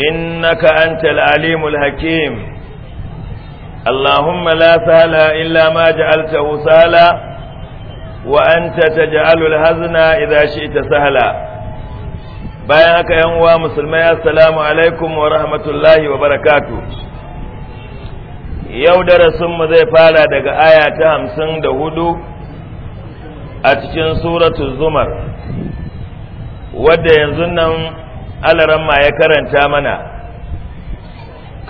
إنك أنت العليم الحكيم اللهم لا illa إلا ما جعلته سهلا وأنت تجعل الهزن إذا شئت سهلا bayan aka yan uwa musulmai assalamu alaikum wa rahmatullahi wa barakatu yau darasinmu zai fara daga aya ta hamsin da hudu a cikin suratu zumar wadda yanzu nan alaran ma ya karanta mana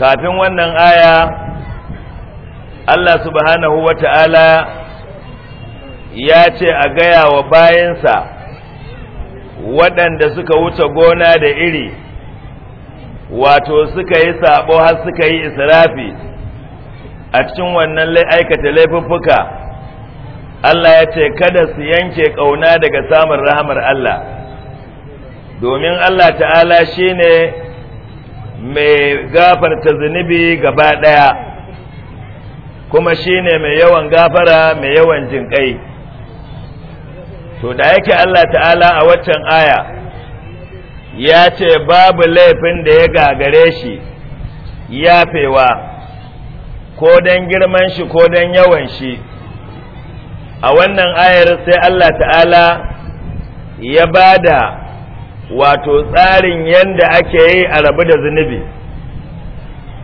kafin wannan aya Allah subhanahu wa ta'ala ya ce a gaya wa bayansa waɗanda suka wuce gona da iri wato suka yi sabo har suka yi israfi a cikin wannan aikata laifuffuka Allah ya ce kada su yanke ƙauna daga samun rahamar Allah domin Allah ta'ala shi ne mai gafarta zunubi gaba ɗaya kuma shi ne mai yawan gafara mai yawan jinƙai to da yake Allah ta'ala a waccan aya ya ce babu laifin da ya gagare shi yafewa ko don girman shi ko don yawan shi a wannan ayar sai Allah ta'ala ya ba da wato tsarin yanda ake yi a rabu da zunubi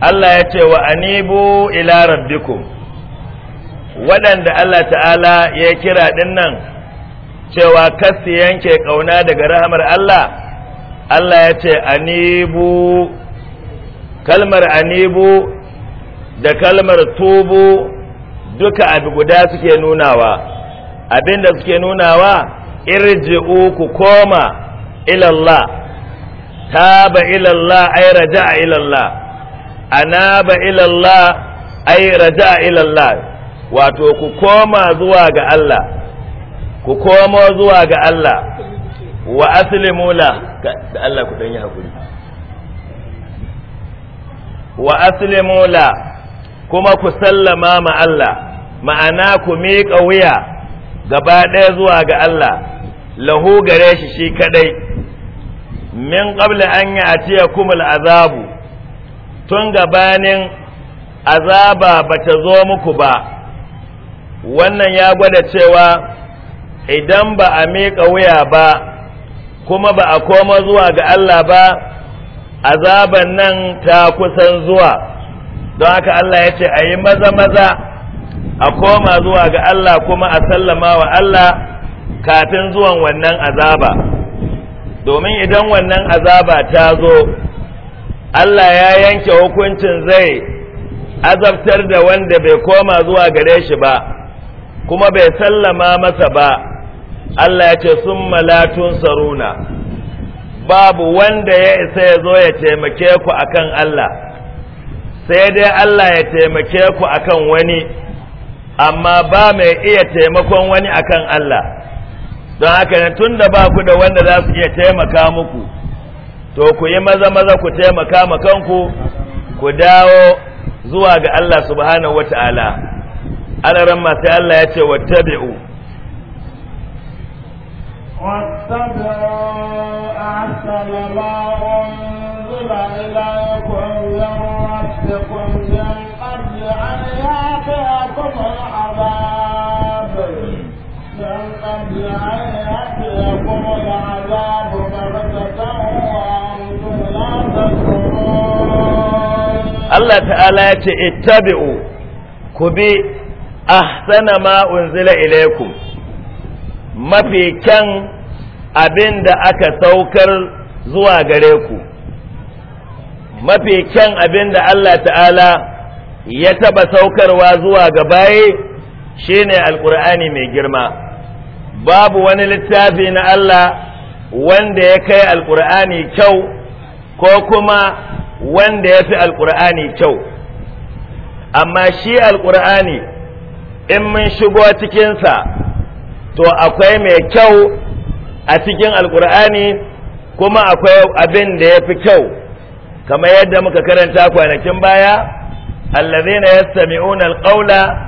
Allah ya ce wa anibu ila rabbikum waɗanda Allah ta'ala ya kira ɗin nan cewa kasu yanke ƙauna daga rahamar Allah Allah ya ce anibu kalmar anibu da kalmar tubu duka abu guda suke nunawa abinda suke nunawa irji'u ku koma ilallah taba ilallah ay raja'a ilallah anaba ilallah ay raja'a ilallah wato ku koma zuwa ga Allah ku komo zuwa ga Allah wa aslimu la da Allah ku dan yi hakuri wa aslimu la kuma ku sallama ma Allah ma'ana ku miƙa wuya gaba ɗaya zuwa ga Allah lahu gare shi shi kadai min qabla an kumul azabu tun gabanin azaba bata zo muku ba wannan ya gwada cewa idan ba a miƙa wuya ba kuma ba a koma zuwa ga Allah ba azaban nan ta kusan zuwa don haka Allah ya ce a yi maza-maza a koma zuwa ga Allah kuma a sallama wa Allah kafin zuwan wannan azaba domin idan wannan azaba ta zo Allah ya yanke hukuncin zai azabtar da wanda bai koma zuwa gare shi ba kuma bai sallama masa ba Allah ya ce sun malatun saruna babu wanda ya isa ya zo ya taimake ku akan Allah sai dai Allah ya taimake ku akan wani amma ba mai iya taimakon wani akan Allah don haka ne tun da ba ku da wanda za su iya taimaka muku to ku yi maza maza ku taimaka ma kanku ku dawo zuwa ga Allah subhanahu wata'ala alaran ma sai Allah ya ce wattabi'u wattabi'u ahsana ma unzila ilaykum min rabbikum min qabli an ya'tiyakum al'adab Allah ta'ala ya ce ittabi'u ku bi ahsana ma unzila أحسن mafi أنزل aka saukar zuwa gare ku mafi kyan abin da Allah ta'ala ya taba saukarwa zuwa gabaye baye shine alƙur'ani mai girma babu wani littafi na Allah wanda ya kai alkur'ani kyau ko kuma wanda ya fi alkur'ani kyau amma shi alkur'ani in mun shigo cikinsa to akwai mai kyau a cikin alkur'ani kuma akwai abin da ya fi kyau kamar yadda muka karanta kwanakin baya allazina yastami'una alqawla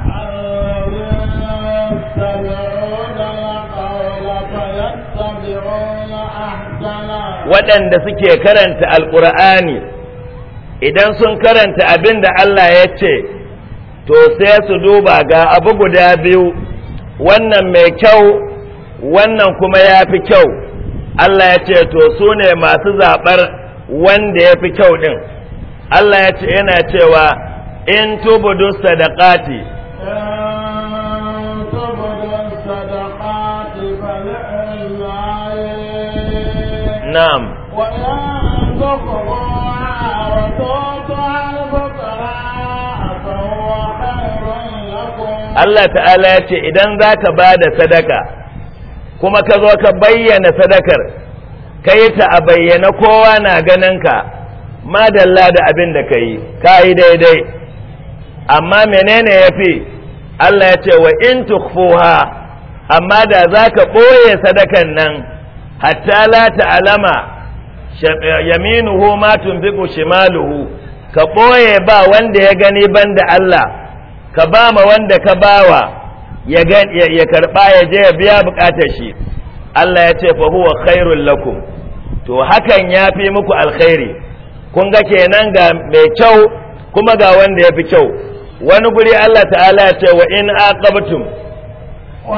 waɗanda suke karanta alƙur'ani idan sun karanta abin da Allah ya ce to sai su duba ga abu guda biyu wannan mai kyau wannan kuma ya fi kyau Allah ya ce to su ne masu zaɓar wanda ya fi kyau ɗin Allah ya ce yana cewa in tubudu sadaqati نعم Allah ta'ala ya ce idan za ka ba da sadaka kuma ka zo ka bayyana sadakar ka yi ta a bayyana kowa na ganinka madalla da abin da ka yi ka yi daidai amma menene ya fi Allah ya ce wa in tukfuha amma da za ka ɓoye sadakan nan hatta la ta'lama eh, yaminuhu ma tunfiqu shimaluhu ka boye ba wanda ya gani banda Allah ka ba ma wanda ka bawa ya ya karba ya je ya biya bukatar shi Allah ya ce fa huwa khairul lakum to hakan ya fi muku alkhairi kun ga kenan ga mai kyau kuma ga wanda ya fi kyau wani guri Allah ta'ala ya ce wa in aqabtum wa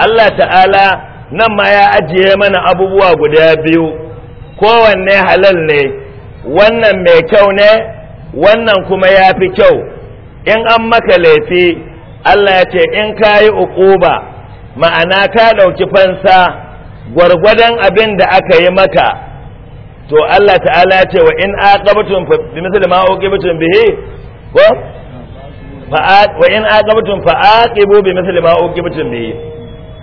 Allah ta'ala nan ma ya ajiye mana abubuwa guda biyu kowanne halal ne wannan mai kyau ne wannan kuma ya fi kyau in an maka laifi Allah ya ce in ka yi uquba ma'ana ka ɗauki fansa gwargwadon abin da aka yi maka to Allah ta'ala ya ce wa in aqabtum bi misli ma uqibtum bihi ko wa in aqabtum fa'aqibu bi misli ma uqibtum bihi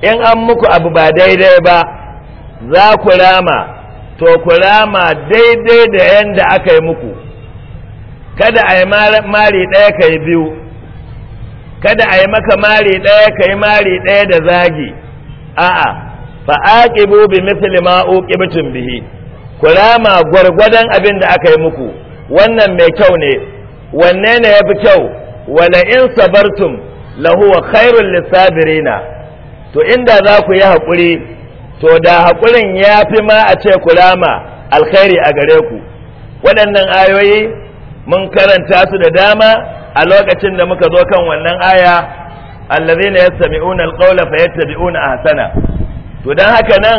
in an muku abu ba daidai ba za ku rama to ku rama daidai da yadda aka yi muku kada a yi mari ɗaya ka yi biyu kada a yi maka mari ɗaya ka yi mari ɗaya da zagi a'a fa aqibu bi mithli ma uqibtum bihi ku rama gwargwadon abin da aka yi muku wannan mai kyau ne wanne ne ya yafi kyau wala in sabartum lahu khairul lissabirina to inda za ku yi haƙuri to da haƙurin ya fi ma a ce ku rama alkhairi a gare ku waɗannan ayoyi mun karanta su da dama a lokacin da muka zo kan wannan aya na allazina yastami'una alqawla a hasana to don haka nan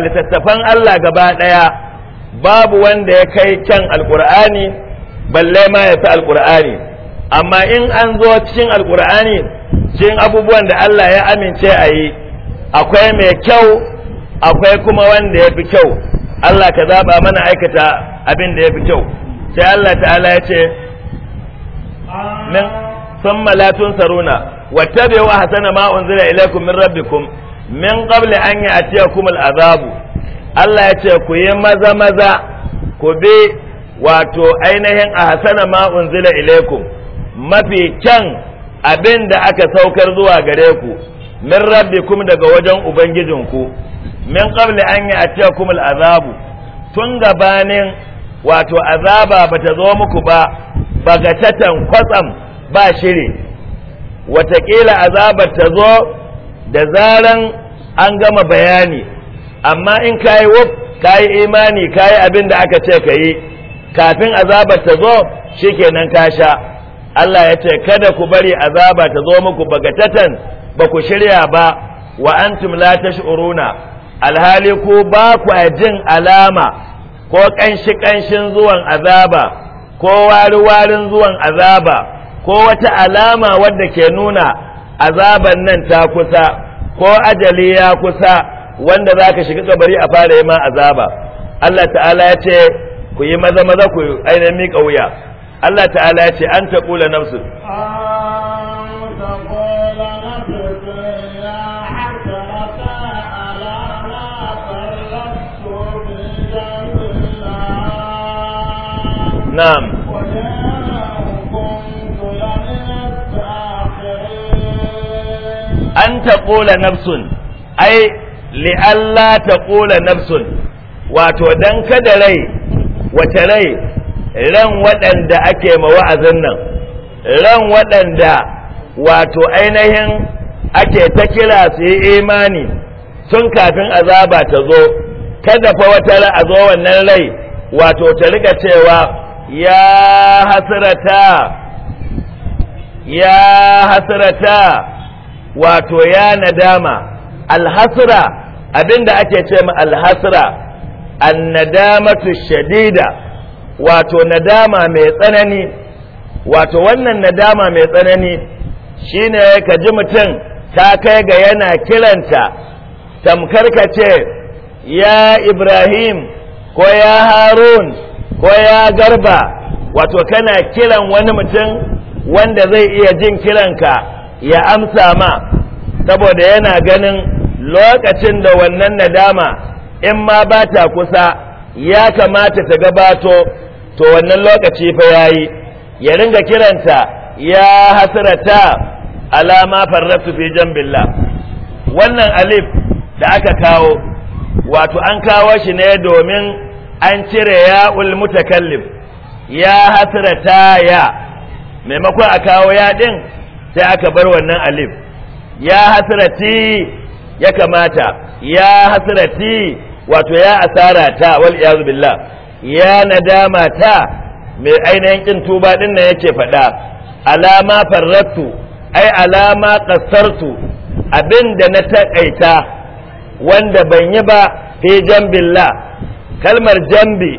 littattafan Allah gaba ɗaya, babu wanda ya kai can Alƙur'ani, balle ma ya fi Alƙur'ani, amma in an zo cikin Alƙur'ani. cikin abubuwan da Allah ya amince a yi akwai mai kyau akwai kuma wanda ya fi kyau Allah ka zaɓa mana aikata abin da ya fi kyau sai Allah ta'ala ya ce min sun malatun saruna wattabe wa hasana ma unzila ilaikum min rabbikum min qabli an ya'tiyakum al'azabu Allah ya ce ku yi maza maza ku bi wato ainihin a hasana ma unzila ilaikum mafi kyan abin da aka saukar zuwa gare ku min rabbikum daga wajen ubangijinku min qabli an ya'tiyakum azabu, tun gabanin wato azaba ba ta zo muku ba tatan kwatsam ba shiri watakila azabar ta zo da zaran an gama bayani amma in kayi wuf kayi imani kayi abin da aka ce ka yi kafin azabar ta zo shikenan ka sha Allah ya ce kada ku bari azaba ta zo muku bagatatan ba ku shirya ba wa antum la tash'uruna alhali ku ba ku jin alama ko ƙanshi ƙanshin zuwan azaba ko wari warin zuwan azaba ko wata alama wadda ke nuna azaban nan ta kusa ko ajali ya kusa wanda za ka shiga kabari a fara yi ma azaba Allah ta'ala ya ce ku yi maza maza ku ainihin miƙa wuya Allah ta'ala ya ce an taƙula nafsu na'am an taƙula nafsun ai li'alla taƙola nafsun wato dan kada rai wace rai ran waɗanda ake ma wa'azin nan ran waɗanda wato ainihin ake ta kira su yi imani sun kafin azaba ta zo kada fa wata a zo wannan rai wato ta riga cewa ya hasrata ya hasrata wato ya nadama alhasra abinda ake ce ma alhasra annadamatu shadida wato nadama mai tsanani wato wannan nadama mai tsanani shine ka ji mutum ta kai ga yana kiranta tamkar ka ce ya ibrahim ko ya harun ko ya garba wato kana kiran wani mutum wanda zai iya jin kiranka ya amsa ma saboda yana ganin lokacin da wannan nadama in ma ba ta kusa ya kamata ta gabato to wannan lokaci fa yayi ya ringa kiranta ya hasrata alama farratu fi jambillah wannan alif da aka kawo wato an kawo shi ne domin an cire ya mutakallim ya hasrata ya maimakon a kawo ya din sai aka bar wannan alif ya hasrati ya kamata ya hasrati wato ya asara ta wal billah ya nadama ta mai ainihin kin tuba din nan yake faɗa alama farrattu ai alama kasartu abinda na takaita wanda ban yi ba fi jambilla kalmar jambi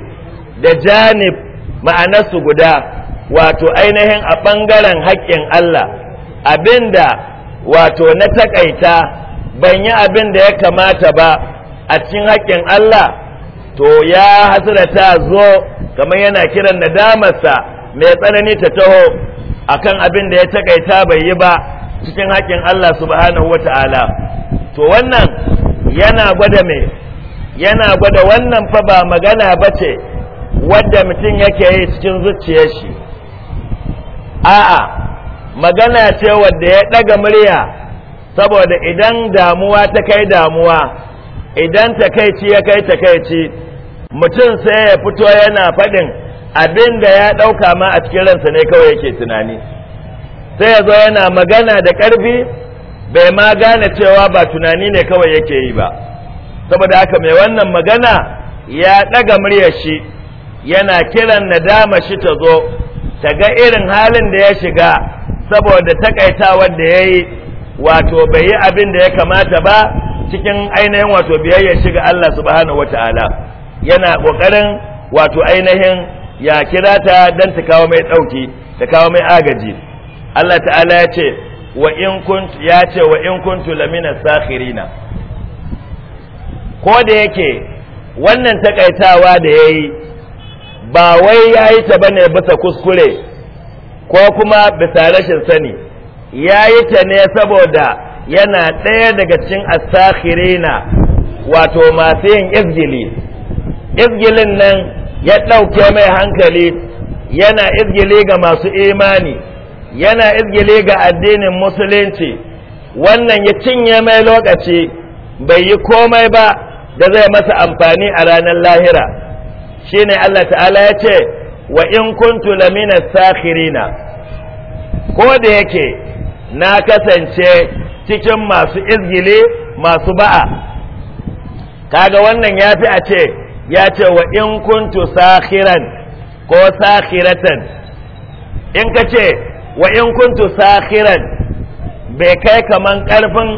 da janib ma'anarsu guda wato ainihin a ɓangaren haƙƙin Allah abinda wato na taƙaita ban yi abinda ya kamata ba a cikin haƙƙin Allah to ya hasrata zo kamar yana kiran nadamarsa mai tsanani ta taho akan abin da ya takaita bai yi ba cikin haƙin Allah subhanahu wata'ala to wannan yana gwada me yana gwada wannan fa ba magana bace wadda mutum yake yi cikin zuciyar shi a'a magana ce wadda ya daga murya saboda idan damuwa ta kai damuwa idan takaici ya kai takaici mutum sai ya fito yana faɗin abin da ya ɗauka ma a cikin ransa ne kawai yake tunani sai ya zo yana magana da ƙarfi bai ma gane cewa ba tunani ne kawai yake yi ba saboda haka mai wannan magana ya ɗaga muryar shi yana kiran nadama shi ta zo ta ga irin halin da ya shiga saboda takaitawar da ya yi wato bai yi abin da ya kamata ba cikin ainihin wato biyayya shiga Allah subhanahu wata'ala yana kokarin wato ainihin ya kira ta dan ta kawo mai dauki ta kawo mai agaji Allah ta'ala ya ce wa in kunt ya ce wa in kuntu lamina sakhirina ko da yake wannan takaitawa da yayi ba wai yayi ta bane bisa kuskure ko kuma bisa rashin sani yayi ta ne saboda yana ɗaya daga cikin asakirina wato masu yin izgili izgilin nan ya ɗauke mai hankali yana izgili ga masu imani yana izgili ga addinin musulunci wannan ya cinye mai lokaci bai yi komai ba da zai masa amfani a ranar lahira shine Allah ta'ala ya ce wa in kuntu lamina sahirina ko da yake na kasance cikin masu izgile masu ba'a kaga wannan ya fi a ce ya ce wa in kuntu sahiran ko sahiratan in ka ce wa in kuntu sahiran bai kai kaman karfin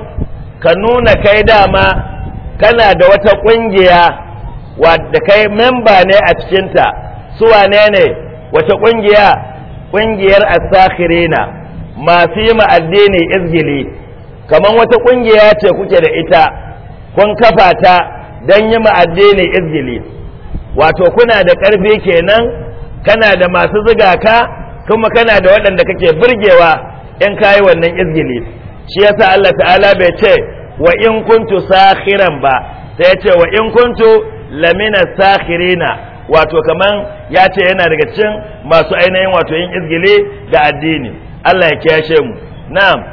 ka nuna kai dama kana da wata kungiya wadda kai memba ne a cikinta su ne ne wata kungiya kungiyar sahirina masu yi ma'addini izgili kamar wata ƙungiya ce kuke da ita kun kafa ta don yi ma'addini izgili wato kuna da ƙarfi kenan kana da masu ziga ka kuma kana da waɗanda kake birgewa in kayi wannan izgili shi yasa Allah ta'ala bai ce wa in kuntu sakhiran ba sai ya ce wa in kuntu lamina sakhirina wato kaman ya ce yana daga cikin masu ainihin wato yin izgile da addini Allah ya kiyashe mu na'am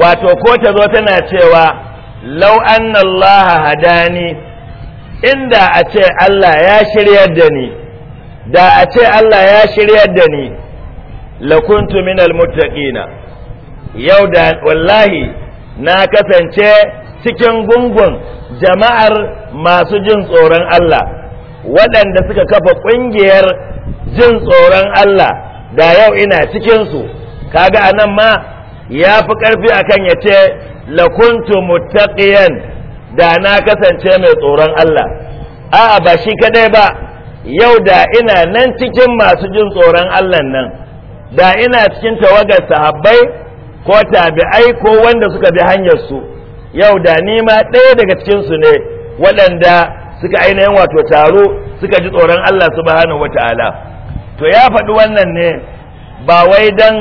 wato ko ta zo tana cewa lau anna Allah hadani inda a ce Allah ya shiryar da ni da a ce Allah ya shirya da ni lakuntu min muttaqina yau da wallahi na kasance cikin gungun jama'ar masu jin tsoron Allah waɗanda suka kafa ƙungiyar jin tsoron Allah da yau ina cikinsu kaga a nan ma ya fi ƙarfi akan ya ce lakuntu mutaƙiyan da na kasance mai tsoron Allah a'a ba shi kaɗai ba yau da ina nan cikin masu jin tsoron Allah nan da ina cikin tawagar sahabbai ko tabi'ai ko wanda suka bi hanyar su yau da nima ɗaya daga cikinsu ne waɗanda suka ainihin wato taro suka ji tsoron Allah subhanahu wata'ala to ya faɗi wannan ne ba wai dan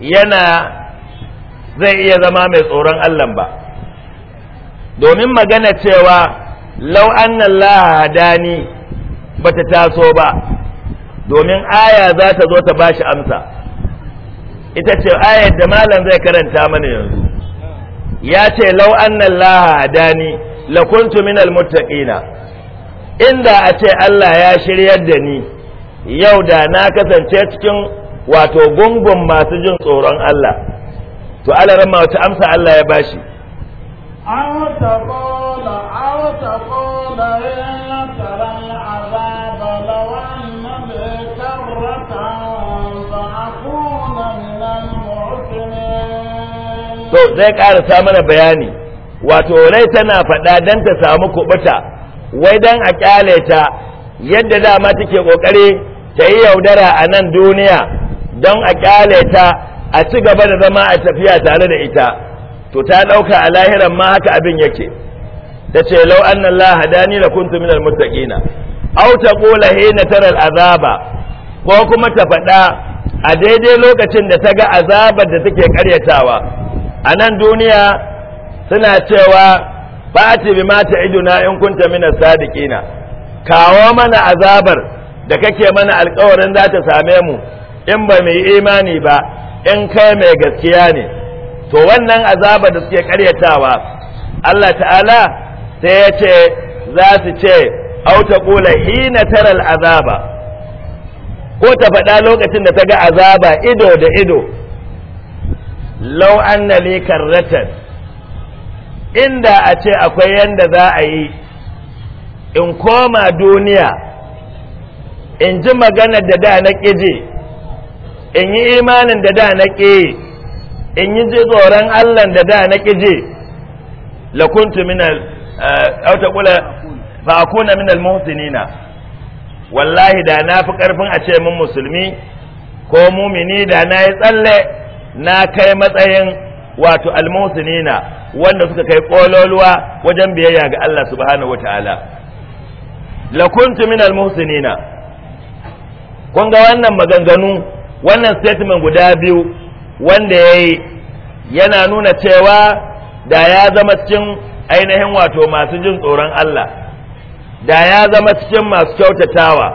yana zai iya zama mai tsoron Allah ba domin magana cewa lau annan hadani bata taso ba domin aya za ta zo ta bashi amsa ita ce ayar da malam zai karanta mana yanzu ya ce lau annan laha dani lakuntu minal muttaqina inda a ce Allah ya shiryar da ni yau da na kasance cikin wato gungun masu jin tsoron Allah to alaran ma wata amsa Allah ya bashi to zai karasa mana bayani wato rai tana faɗa don ta samu kubuta wai don a kyale ta yadda dama take kokari ta yi yaudara a nan duniya don a ƙyale ta a ci gaba da zama a tafiya tare da ita to ta ɗauka a lahiran ma haka abin yake ta ce lau an Allah hadani da kuntu minal muttaqina aw taqula hina tara azaba ko kuma ta faɗa a daidai lokacin da ta ga azabar da take ƙaryatawa. a nan duniya suna cewa ba a bi mata iduna in kunta mina sadiqina kawo mana azabar da kake mana alkawarin za ta same mu in ba mai imani ba in kai mai gaskiya ne to wannan azabar da suke karyatawa Allah ta'ala sai ya ce za su ce auta kula hina taral azaba ko ta faɗa lokacin da ta ga azaba ido da ido lau an li karratan inda a ce akwai yadda za a yi in koma duniya in ji maganar da da na ƙije in yi imanin da da na ƙi in yi ji tsoron allan da da na ƙije lakuntu minal eh, auta kula minal muhsinina wallahi da na fi karfin a ce mun musulmi ko mumini da na yi tsalle na kai matsayin wato almusinina wanda suka kai kololuwa wajen biyayya ga Allah subhanahu wataala la kuntu min almusinina kun ga wannan maganganu wannan statement guda biyu wanda yayi yana nuna cewa da ya zama cikin ainihin wato masu jin tsoron Allah da ya zama cikin masu kyautatawa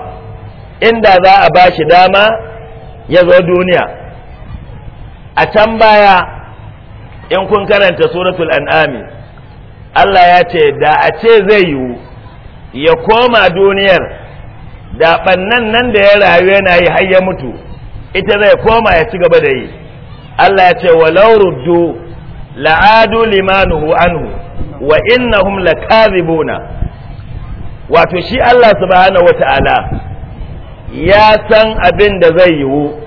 inda za a ba shi dama ya zo duniya a can baya in kun karanta suratul an'ami Allah ya ce da a ce zai yiwu ya koma duniyar da bannan nan da ya rayu yana yi har ya mutu ita zai koma ya ci gaba da yi Allah ya ce walau ruddu la'adu limanuhu anhu wa innahum lakazibuna wato shi Allah subhanahu wata'ala ya san abin da zai yiwu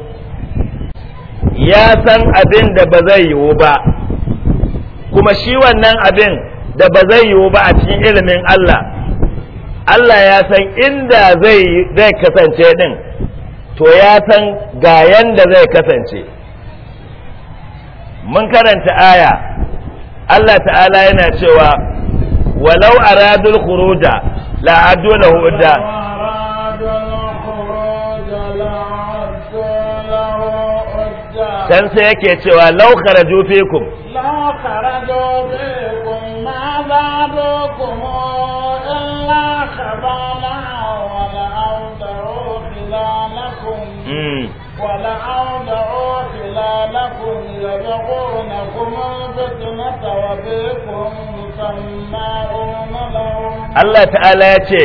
ya san abin da ba zai yiwu ba kuma shi wannan abin da ba zai yiwu ba a cikin ilimin Allah Allah ya san inda zai zai kasance din to ya san ga yanda zai kasance mun karanta aya Allah ta'ala yana cewa walau aradul khuruja la adu lahu dan sai yake cewa law kharaju fikum law kharaju fikum ma zadukum illa khabala wa la awdaru khilalakum hmm. wa la awdaru khilalakum yabghunakum fitnata wa bikum sammaruna lahum Allah ta'ala ya ce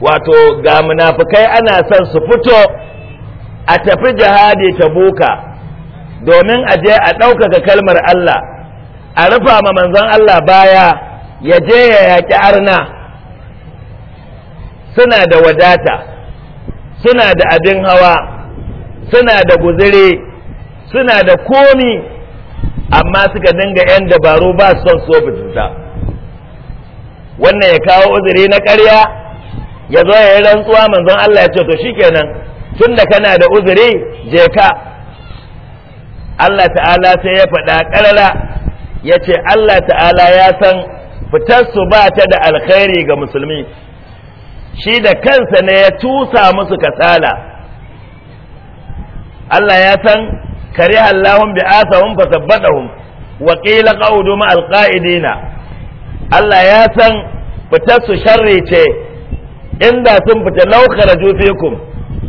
wato ga munafikai ana son su fito a tafi jihadi ta buka domin a je a ɗaukaka kalmar Allah a rufa ma manzon Allah baya ya je ya yaƙi arna suna da wadata suna da abin hawa suna da guzire suna da komi amma suka dinga 'yan dabaru ba su son so fitinta wannan ya kawo uzuri na ƙarya ya zo ya yi rantsuwa manzon Allah ya ce to shikenan tun da kana da uzuri je ka Allah ta'ala sai ya faɗa ƙarara ya ce Allah ta'ala ya san fitarsu ba ta da alkhairi ga musulmi shi da kansa ne ya tusa musu kasala Allah ya san kare Allahun bi asahun fasabbadahum waƙila qila ma Allah ya san fitarsu sharri ce inda sun fita laukar fikum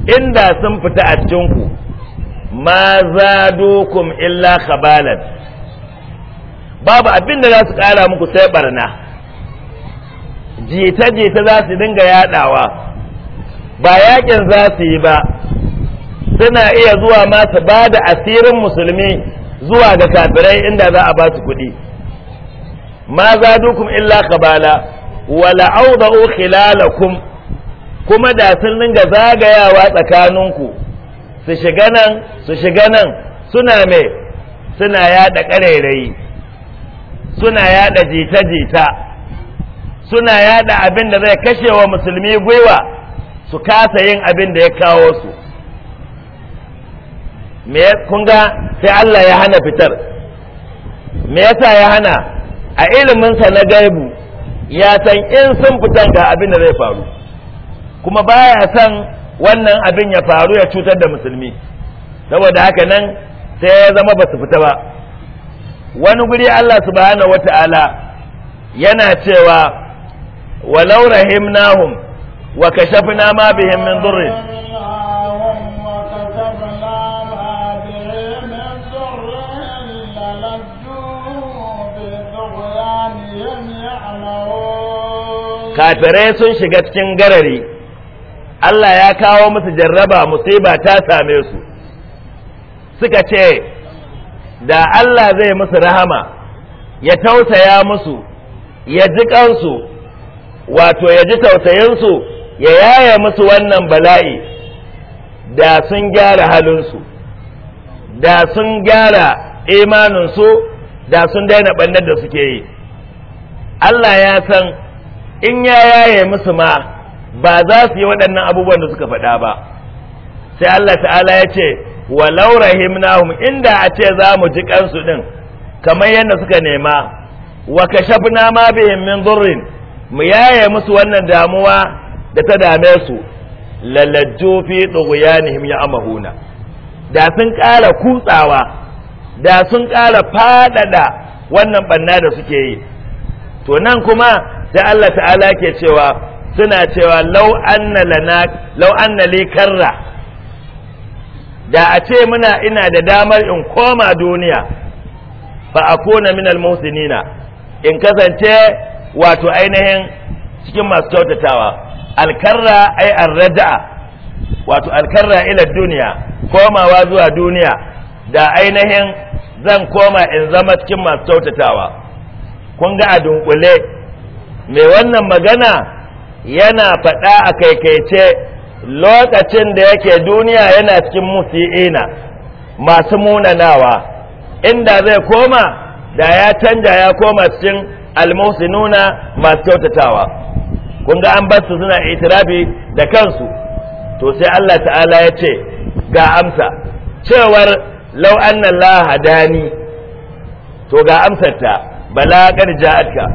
inda sun fita a ku. ma zadukum illa khabalan babu abin da za su kara muku sai barna jita-jita za su dinga yadawa ba yakin za su yi ba suna iya zuwa ma su ba da asirin musulmi zuwa ga kafirai inda za a ba su kuɗi ma zadukum illa khabala wala auda'u khilalakum kuma da sun dinga zagayawa tsakaninku su shiga nan su shiga nan suna me suna yada ƙarairayi suna yada jita-jita suna yada abin da zai kashe wa musulmi gwiwa su kasa yin abin da ya kawo su me kun ga sai Allah ya hana fitar me yasa ya hana a iliminsa na gaibu ya san in sun fitan ga abin da zai faru kuma baya san wannan abin ya faru ya cutar da musulmi saboda haka nan sai ya zama ba su fita ba wani guri Allah subhanahu wata'ala yana cewa walau rahimnahum wa kashafna ma bihim min dhurrin kafirai sun shiga cikin garari Allah ya kawo musu jarraba musiba ta same su suka ce da Allah zai musu rahama ya tausaya musu ya ji kansu wato ya ji tausayinsu ya yaya musu wannan bala'i da sun gyara halinsu da sun gyara imaninsu da sun daina ɓannar da suke yi Allah ya san in ya yaye musu ma ba za su yi waɗannan abubuwan da suka faɗa ba sai Allah ta'ala ya ce walau rahimnahum inda a ce za mu ji kansu din kamar yadda suka nema wa kashafna ma bihim min dhurrin mu yaye musu wannan damuwa da ta dame su lalajju fi ya amahuna da sun ƙara kutsawa da sun ƙara faɗaɗa wannan banna da suke yi to nan kuma sai Allah ta'ala ke cewa suna cewa lau anna lana lau anna li karra da a ce muna ina da damar in koma duniya fa akuna min almuhsinina in kasance wato ainihin cikin masu kyautatawa karra ai rajaa wato karra ila duniya komawa zuwa duniya da ainihin zan koma in zama cikin masu kyautatawa kun ga a dunkule mai wannan magana yana faɗa a kaikaice lokacin da yake duniya yana cikin musi'ina masu munanawa inda zai koma da ya canja ya koma cikin almusinuna masu kyautatawa kun ga an basu suna itirafi da kansu to sai Allah ta'ala ya ce ga amsa cewar lau anna Allah hadani to ga amsar ta bala ja'atka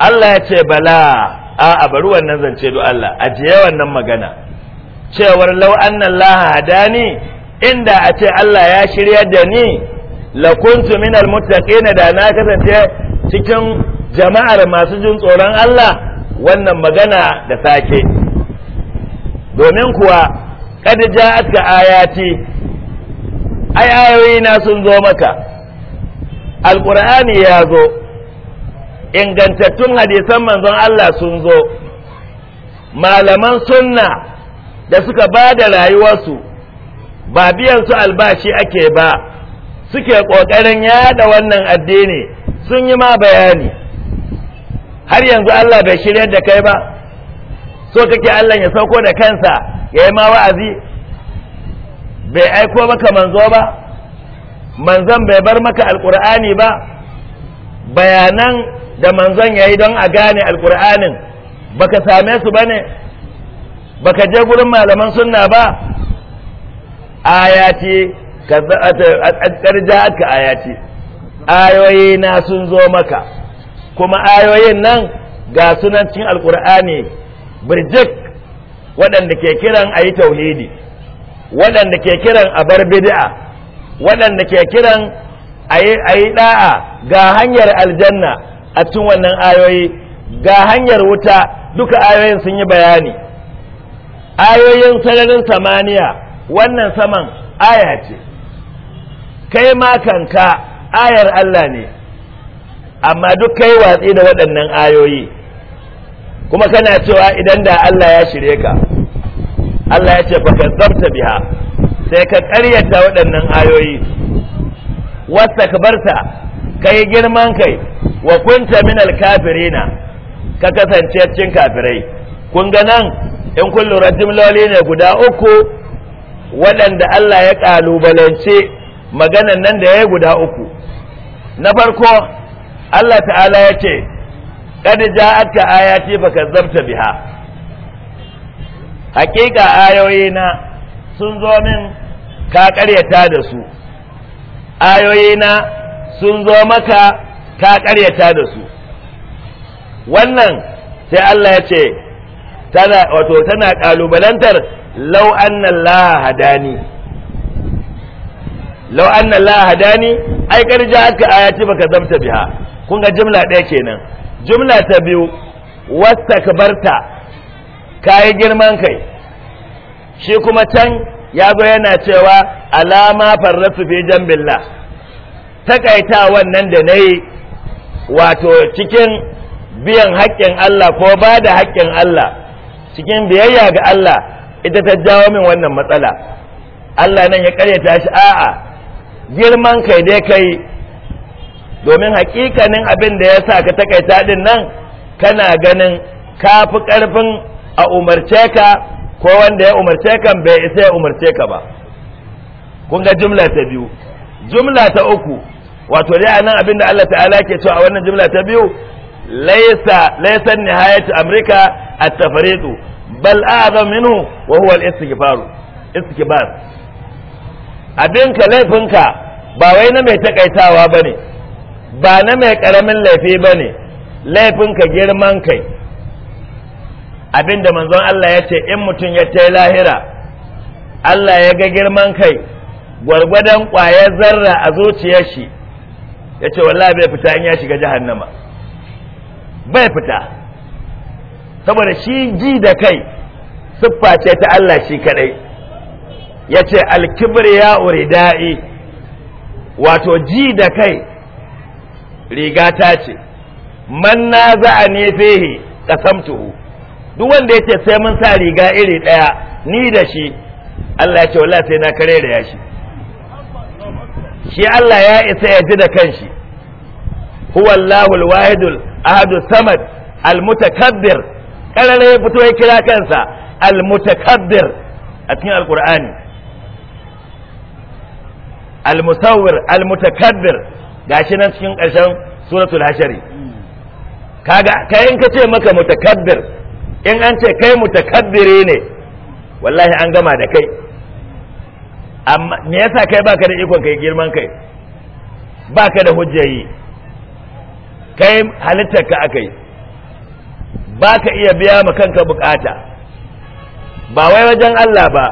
Allah ya ce bala a bari wannan zance do Allah ajiye wannan magana cewar law anna Allah hadani inda a ce Allah ya shirya da ni la kuntu minal muttaqin da na kasance cikin jama'ar masu jin tsoron Allah wannan magana da sake domin kuwa kad ja ka ayati ayoyi na sun zo maka alqur'ani ya zo ingantattun hadisan manzon Allah sun zo malaman sunna da suka ba da rayuwarsu ba biyan su albashi ake ba suke ƙoƙarin yada wannan addini sun yi ma bayani har yanzu Allah bai shirya da kai ba so kake Allah ya sauko da kansa ya yi ma wa'azi bai aiko maka manzo ba manzon bai bar maka alƙur'ani ba bayanan da manzon yayi don a gane alkur'anin baka same su bane baka je gurin malaman sunna ba ayati karja'atka ayati ayoyi na sun zo maka kuma ayoyin nan ga sunan cikin alkur'ani birjik waɗanda ke kiran a yi tauhidi waɗanda ke kiran a bar bid'a waɗanda ke kiran a yi ɗa'a ga hanyar aljanna a cikin wannan ayoyi ga hanyar wuta duka ayoyin sun yi bayani ayoyin sararin samaniya wannan saman aya ce kai ma kanka ayar Allah ne amma duk kai watsi da waɗannan ayoyi kuma kana cewa idan da Allah ya shirye ka Allah ya ce fa kazzabta biha sai ka ƙaryata waɗannan ayoyi wasta ka barta yi girman kai wa kunta min alkafirina ka kasance cikin kafirai kun ga nan in kun lura jimloli ne guda uku waɗanda Allah ya ƙalubalance maganan nan da yayi guda uku na farko Allah ta'ala ya ce kad ja'aka ayati kazzabta biha hakika ayoyina sun zo min ka ƙaryata da su ayoyina sun zo maka ka ƙaryata da su wannan sai Allah ya ce tana wato tana kalubalantar law anna Allah hadani law anna Allah hadani ai kar aka ayati baka zamta biha kun ga jumla ɗaya kenan jumla ta biyu wastakbarta kai girman kai shi kuma can ya zo yana cewa alama farrafu fi jambillah takaita wannan da nayi wato cikin biyan haƙƙin Allah ko ba da haƙƙin Allah cikin biyayya ga Allah ita ta jawo min wannan matsala Allah nan ya karyata shi a'a girman kai dai kai domin hakikanin abin da ya sa ka takaita din nan kana ganin ka fi ƙarfin a umarce ka ko wanda ya umarce kan bai isa ya umarce ka ba kun ga jumla ta biyu jumla ta uku wato dai anan abin da Allah ta'ala ke cewa a wannan jumla ta biyu laysa laysa nihayat amrika at tafaridu bal a'zam minhu wa huwa al-istighfar istighfar abinka laifinka ba wai na mai takaitawa bane ba na mai karamin laifi bane laifinka girman kai abinda manzon Allah ya ce in mutum ya tai lahira Allah ya ga girman kai gwargwadon kwaye zarra a zuciyar shi ya ce wallahi bai fita in ya shiga jahannama bai fita saboda shi ji da kai siffa ce ta Allah shi kadai ya ce alkibriya urida'i wato ji da kai rigata ce man na za a nefe tuhu duk wanda ya ce sai mun sa riga iri ɗaya ni da shi Allah ya ce wallahi sai na kare da ya shi shi Allah ya isa ya ji da kanshi huwa Allahul wahidul ahadu samad almutakabbir karare ya fito ya kira kansa almutakabbir a cikin alqur'ani almusawwir almutakabbir gashi nan cikin ƙarshen suratul hashari kaga kai in ka ce maka mutakabbir in an ce kai mutakabbiri ne wallahi an gama da kai amma me yasa kai baka da ikon kai girman kai baka da yi kai halittar ka akai baka iya biya ma kanka bukata ba wai wajen Allah ba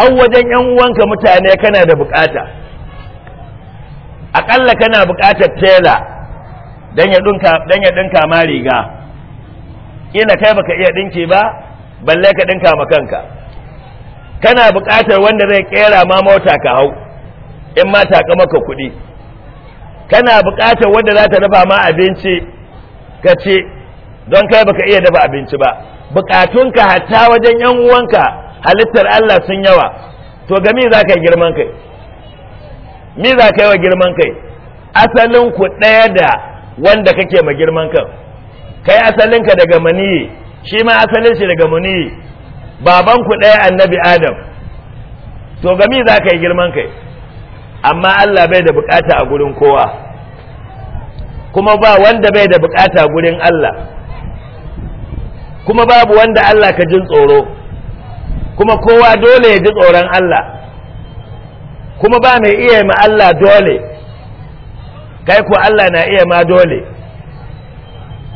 har wajen yan uwanka mutane kana da bukata akalla kana bukatar tela dan ya dinka dan ya dinka ma riga ina kai baka iya dinki ba balle ka dinka ma kanka kana buƙatar wanda zai kera ma mota ka hau in ma maka kuɗi kana buƙatar wanda za ta dafa ma abinci ka ce don kai baka iya dafa abinci ba buƙatunka hatta wajen yan uwanka halittar Allah sun yawa to ga me za ka girman kai me za ka yi wa girman kai asalin ku ɗaya da wanda kake ma girman kan kai asalinka daga maniyi shi ma asalin shi daga maniyi Baban ku ɗaya annabi adam to gami za ka yi girman kai amma Allah bai da bukata a gurin kowa kuma ba wanda bai da bukata gurin Allah kuma babu wanda Allah ka jin tsoro kuma kowa dole ya ji tsoron Allah kuma ba mai iya ma Allah dole kai ko Allah na iya ma dole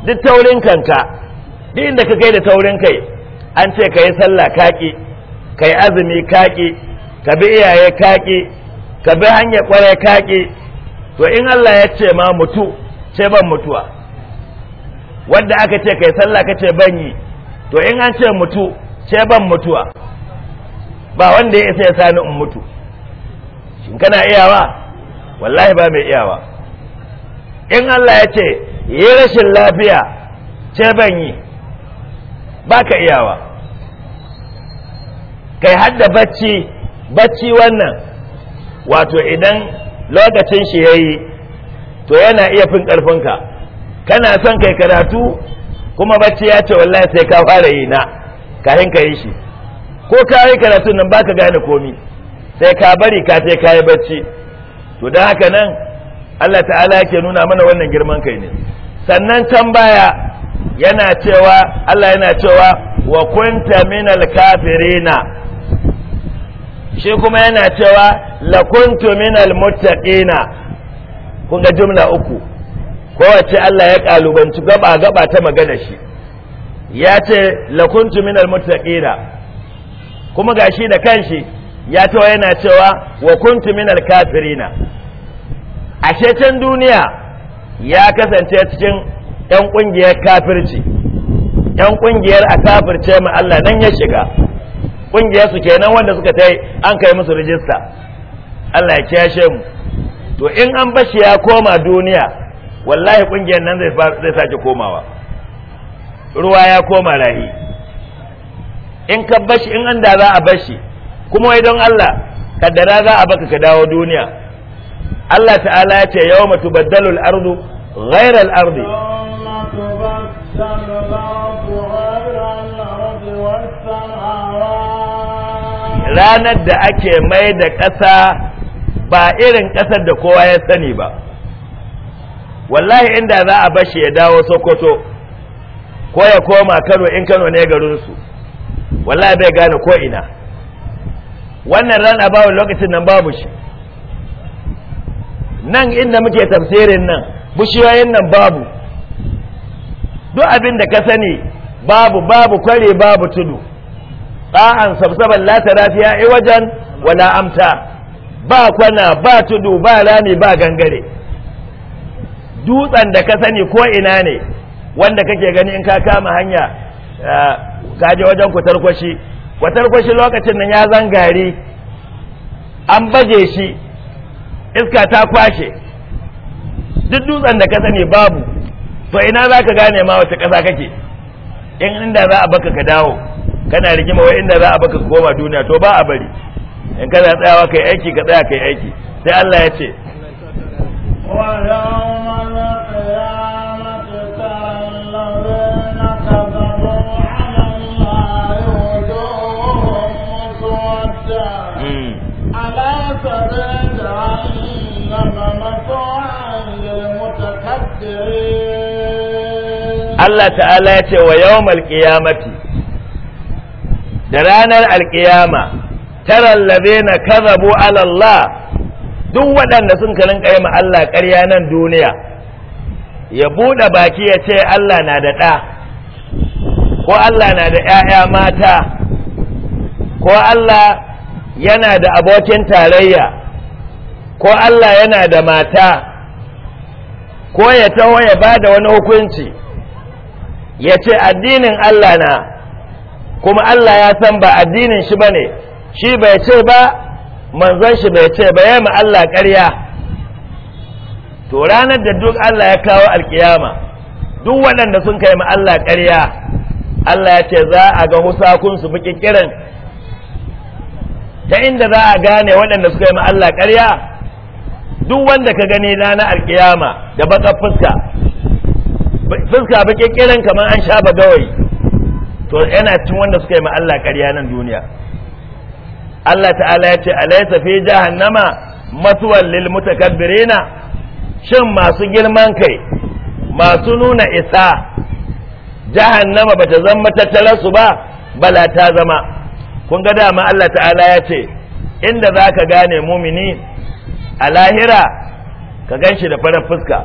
duk taurin kanka duk inda ka kai da taurin kai an ce ka yi sallah kaƙi ka yi azumi kaƙi ka bi iyaye kaƙi ka bi hanyar kwarai kaƙi to in Allah ya ce ma mutu ce ban mutuwa Wadda aka ce ka yi sallah ka ce ban yi to in an ce mutu ce ban mutuwa ba wanda ya isa ya sani in mutu shin kana iyawa wallahi ba mai iyawa in Allah ya ce yi rashin lafiya ce ban yi baka iyawa kai hadda bacci bacci wannan wato idan lokacin shi yayi to yana iya fin karfinka kana son kai karatu kuma bacci ya ce wallahi sai ka fara yi na kahin ka yi shi ko ka yi karatun nan baka gane komi sai ka bari ka sai ka yi bacci to don haka nan Allah ta'ala yake nuna mana wannan girman kai ne sannan can baya yana cewa Allah yana cewa wa kunta minal kafirina shi kuma yana cewa la kuntu minal muttaqina kun ga jumla uku kowace Allah ya kalubanci gaba gaba ta magana shi ya ce la kuntu minal muttaqina kuma gashi da kanshi ya to yana cewa wa kuntu minal kafirina a shecen duniya ya kasance cikin 'yan ƙungiyar kafirci 'yan ƙungiyar a kafirce ma Allah nan ya shiga ƙungiyar su kenan wanda suka ta an kai musu rijista Allah ya kiyashe mu to in an bashi ya koma duniya wallahi ƙungiyar nan zai sake komawa ruwa ya koma rahi in ka bashi in an da za a bashi kuma wai don Allah kaddara za a baka ka dawo duniya Allah ta'ala ya ce yawma tubaddalul ardu ghayra al-ardi ranar da ake mai da ƙasa ba irin ƙasar da kowa ya sani ba wallahi inda za a bashi ya dawo sokoto ko ya koma kano in kano ne garinsu wallahi bai gane ko ina wannan rana wa lokacin nan babu shi nan inda muke tafsirin nan bushiyoyin nan babu duk abin da ka sani babu babu kware babu tudu ɗa'an sabsaban lata rafiya a wajen wala amta ba kwana ba tudu ba rami ba gangare dutsen da ka sani ko ina ne wanda kake gani in ka kama hanya eh, kaje wajen kwatarkwashi kwatarkwashi lokacin nan ya zangare an baje shi iska ta kwashe duk dutsen da ka sani babu to ina za ka gane ma wata ƙasa kake in inda za a baka ka dawo kana rigima wa inda za a baka ka koma duniya to ba a bari in kana tsayawa kai aiki ka tsaya kai aiki sai Allah ya ce Allah ta'ala ya ce wa yawmal qiyamati da ranar alkiyama taral na kadhabu ala Allah duk waɗanda sun karin kai ma Allah ƙarya nan duniya ya buɗe baki ya ce Allah na da ɗa ko Allah na da 'ya'ya mata ko Allah yana da abokin tarayya ko Allah yana da mata ko ya taho ya ba da wani hukunci ya ce addinin Allah na kuma Allah ya san ba addinin shi ba ne shi bai ce ba manzon shi bai ce ba yamma Allah ƙarya to ranar da duk Allah ya kawo alkiyama duk waɗanda sun kai ma Allah ƙarya Allah ya ce za a ga husakunsu kirin ta inda za a gane waɗanda suka yi ma Allah ƙarya duk wanda ka gani ranar alkiyama da baƙar fuska fuska ba kekkeren kamar an sha ba gawayi to yana cin wanda suka yi ma Allah ƙarya nan duniya Allah ta'ala ya ce alaysa fi jahannama matwal lil mutakabbirina shin masu girman kai masu nuna isa jahannama bata zama tattalarsu ba bala ta zama kun ga dama Allah ta'ala ya ce inda ka gane mumini a lahira ka gan shi da farar fuska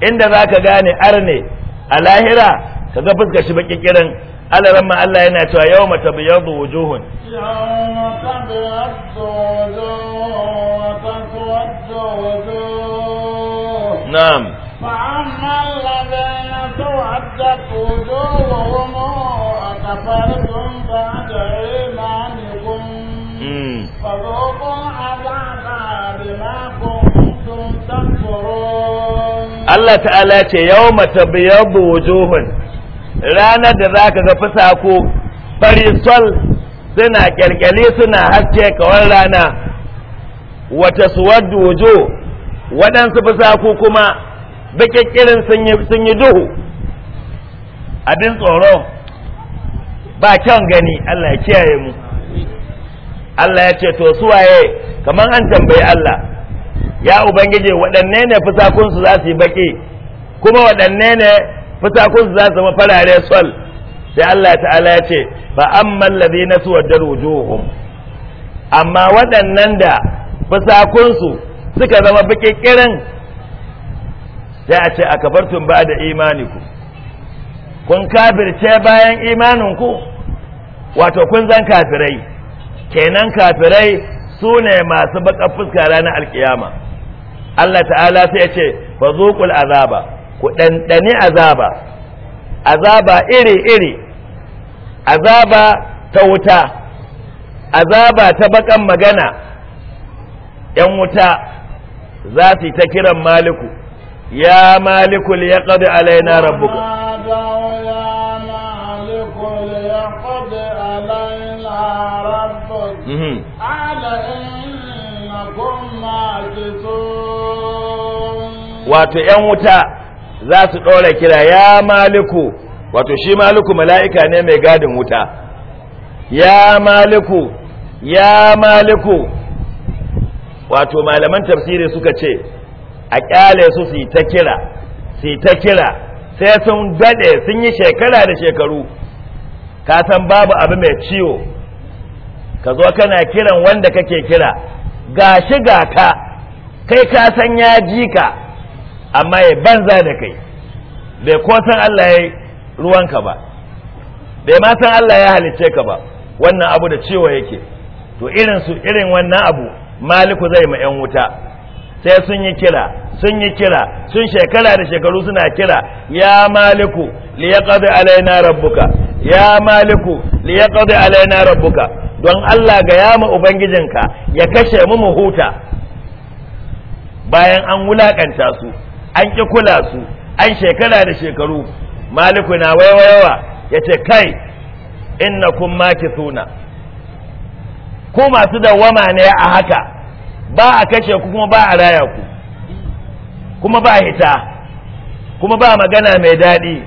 inda za ka gane arne a lahira ka ga fuskar shi baki kiran alaran ma Allah yana cewa yau mata biyar da wujuhun na'am فأما الذين توعدت وجوههم أكفرتم بعد إيمانكم فذوقوا Allah ta'ala ce yau mata biyar wujuhun ranar da za ka ga fari sol suna kyalkyali suna haske kawar rana wata suwar wujo waɗansu fusako kuma bikikirin sun yi duhu abin tsoro ba kyan gani Allah ya kiyaye mu Allah ya ce to suwaye kamar an tambayi Allah ya ubangiji waɗanne ne fusakunsu za su yi baki kuma waɗanne ne fusakunsu za su zama farare sol sai Allah ta'ala ya ce fa amman ladina suwaddar wujuhum amma waɗannan da fusakunsu suka zama kirin sai a ce akabartum ba da imaniku kun kafirce bayan imaninku wato kun zan kafirai kenan kafirai su ne masu baka fuska ranar alkiyama Allah ta'ala sai ya ce fa zuqul azaba ku dandane azaba azaba iri iri azaba ta wuta azaba ta bakan magana yan wuta za su ta kiran maliku ya maliku liyaqdi alaina rabbuka علينا ربك wato ‘yan wuta za su ɗora kira ya maliku wato shi maliku mala'ika ne mai gadin wuta ya maliku ya maliku wato malaman tafsiri suka ce a ƙyale su su yi ta kira su ta kira sai sun daɗe sun yi shekara da shekaru ka san babu abu mai ciwo ka zo kana kiran wanda kake kira ga shi ga ka kai ka san ya ji ka amma ya banza da kai bai ko san Allah ya ruwanka ba bai ma san Allah ya halicce ka ba wannan abu da cewa yake to irin su irin wannan abu maliku zai ma yan wuta sai sun yi kira sun yi kira sun shekara da shekaru suna kira ya maliku liyaqdi alaina rabbuka ya maliku alaina rabbuka don Allah ga ma ubangijinka ya kashe mu mu huta bayan an wulaƙanta su an ƙi kula su an shekara da shekaru maliku na waiwaiwa ya ce kai ki suna. ku masu dawama ne a haka ba a kashe ku kuma ba a raya ku kuma ba a hita kuma ba magana mai daɗi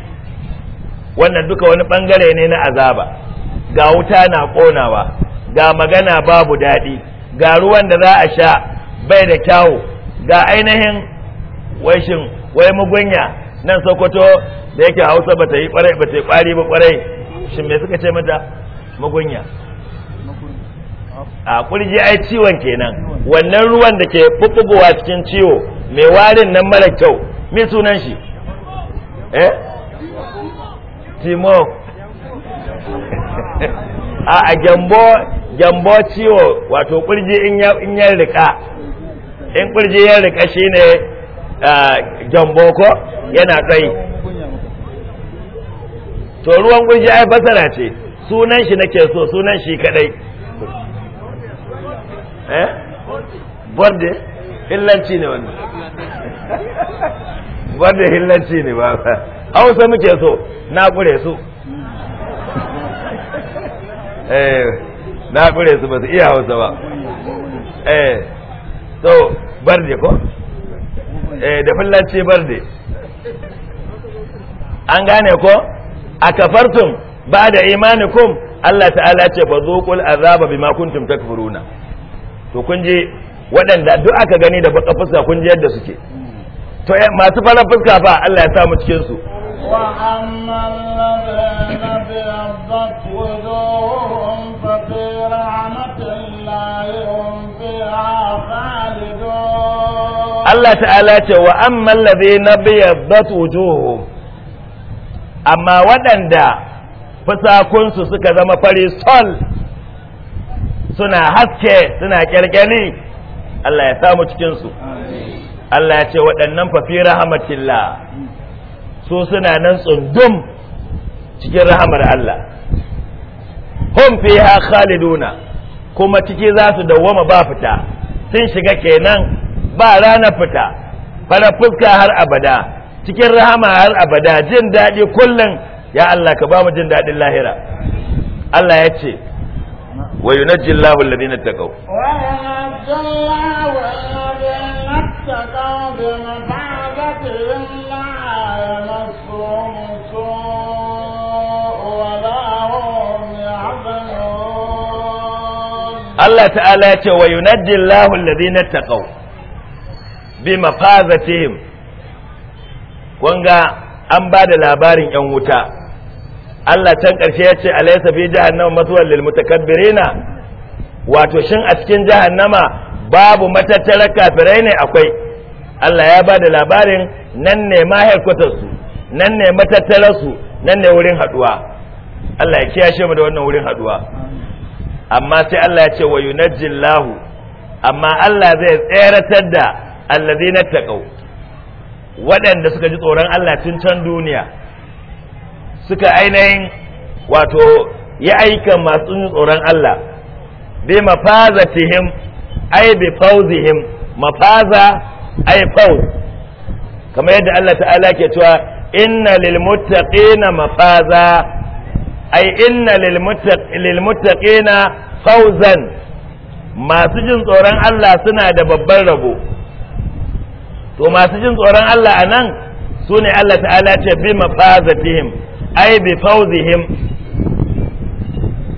wannan duka wani ɓangare ne na azaba ga wuta na ƙonawa ga magana babu daɗi ga ruwan da za a sha bai da kyawu ga ainihin washin wai mugunya nan sokoto da yake hausa ba ta yi kwarai ba ta yi kwari ba kwarai shi me suka ce mata mugunya a kurji ai ciwon kenan wannan ruwan da ke bubbugowa cikin ciwo mai warin nan mara kyau mai sunan shi eh timo a jambo jambo ciwo wato kurji in ya rika in kurji ya rika shine jambo ko yana dai to ruwan kurji ai fasara ce sunan shi nake so sunan shi kadai eh borde hillanci ne wannan borde hillanci ne ba hausa muke so na kure su Eh, na kure su ba su iya hausa ba eh so barde ko eh da fullanci barde an gane ko a kafartum ba da imanikum Allah ta'ala ce fa zuqul azaba bima kuntum takfuruna to kun je waɗanda duk aka gani da baka fuska kun je yadda suke to eh, masu farar fuska fa Allah ya samu cikin su wa amman Yabbas wajen wuhum Allah Ta'ala ce wa amma Ladi na biyar gas wujurwu. Amma waɗanda fisakunsu suka zama fari sol suna haske, suna ƙyarƙyari, Allah ya sa cikinsu. Allah ya ce waɗannan Fafira na Amadilla su suna nan tsundum. cikin rahamar Allah hum Khalidu khaliduna kuma ciki za su dawwama ba fita sun shiga kenan ba rana fita fara fuska har abada cikin rahama har abada jin daɗi kullum ya Allah ka ba mu jin daɗin lahira Allah ya ce wa yunajji Allahu alladhina taqaw wa yunajji Allahu alladhina taqaw bi Allah ta'ala ya ce wa yunajji Allahu alladhina taqaw bi mafazatihim kun ga an ba da labarin yan wuta Allah can karshe ya ce alaysa fi jahannama maswal lil mutakabbirina wato shin a cikin jahannama babu matattara kafirai ne akwai Allah ya ba da labarin nan ne ma su nan ne matattararsu nan ne wurin haduwa Allah ya kiyashe mu da wannan wurin haduwa amma sai Allah ya ce wa yunajjillahu amma Allah zai tseratar da na taqaw waɗanda suka ji tsoron Allah tun can duniya suka ainihin wato ya aika masu tsoron Allah bi mafazatihim ay bi fawzihim mafaza ay fawz kamar yadda Allah ta'ala ke cewa inna lil muttaqina mafaza ai inna lil muttaqina fawzan masu jin tsoron Allah suna da babban rabo to masu jin tsoron Allah anan sune Allah ta'ala ce bi mafazatihim ai bi fawzihim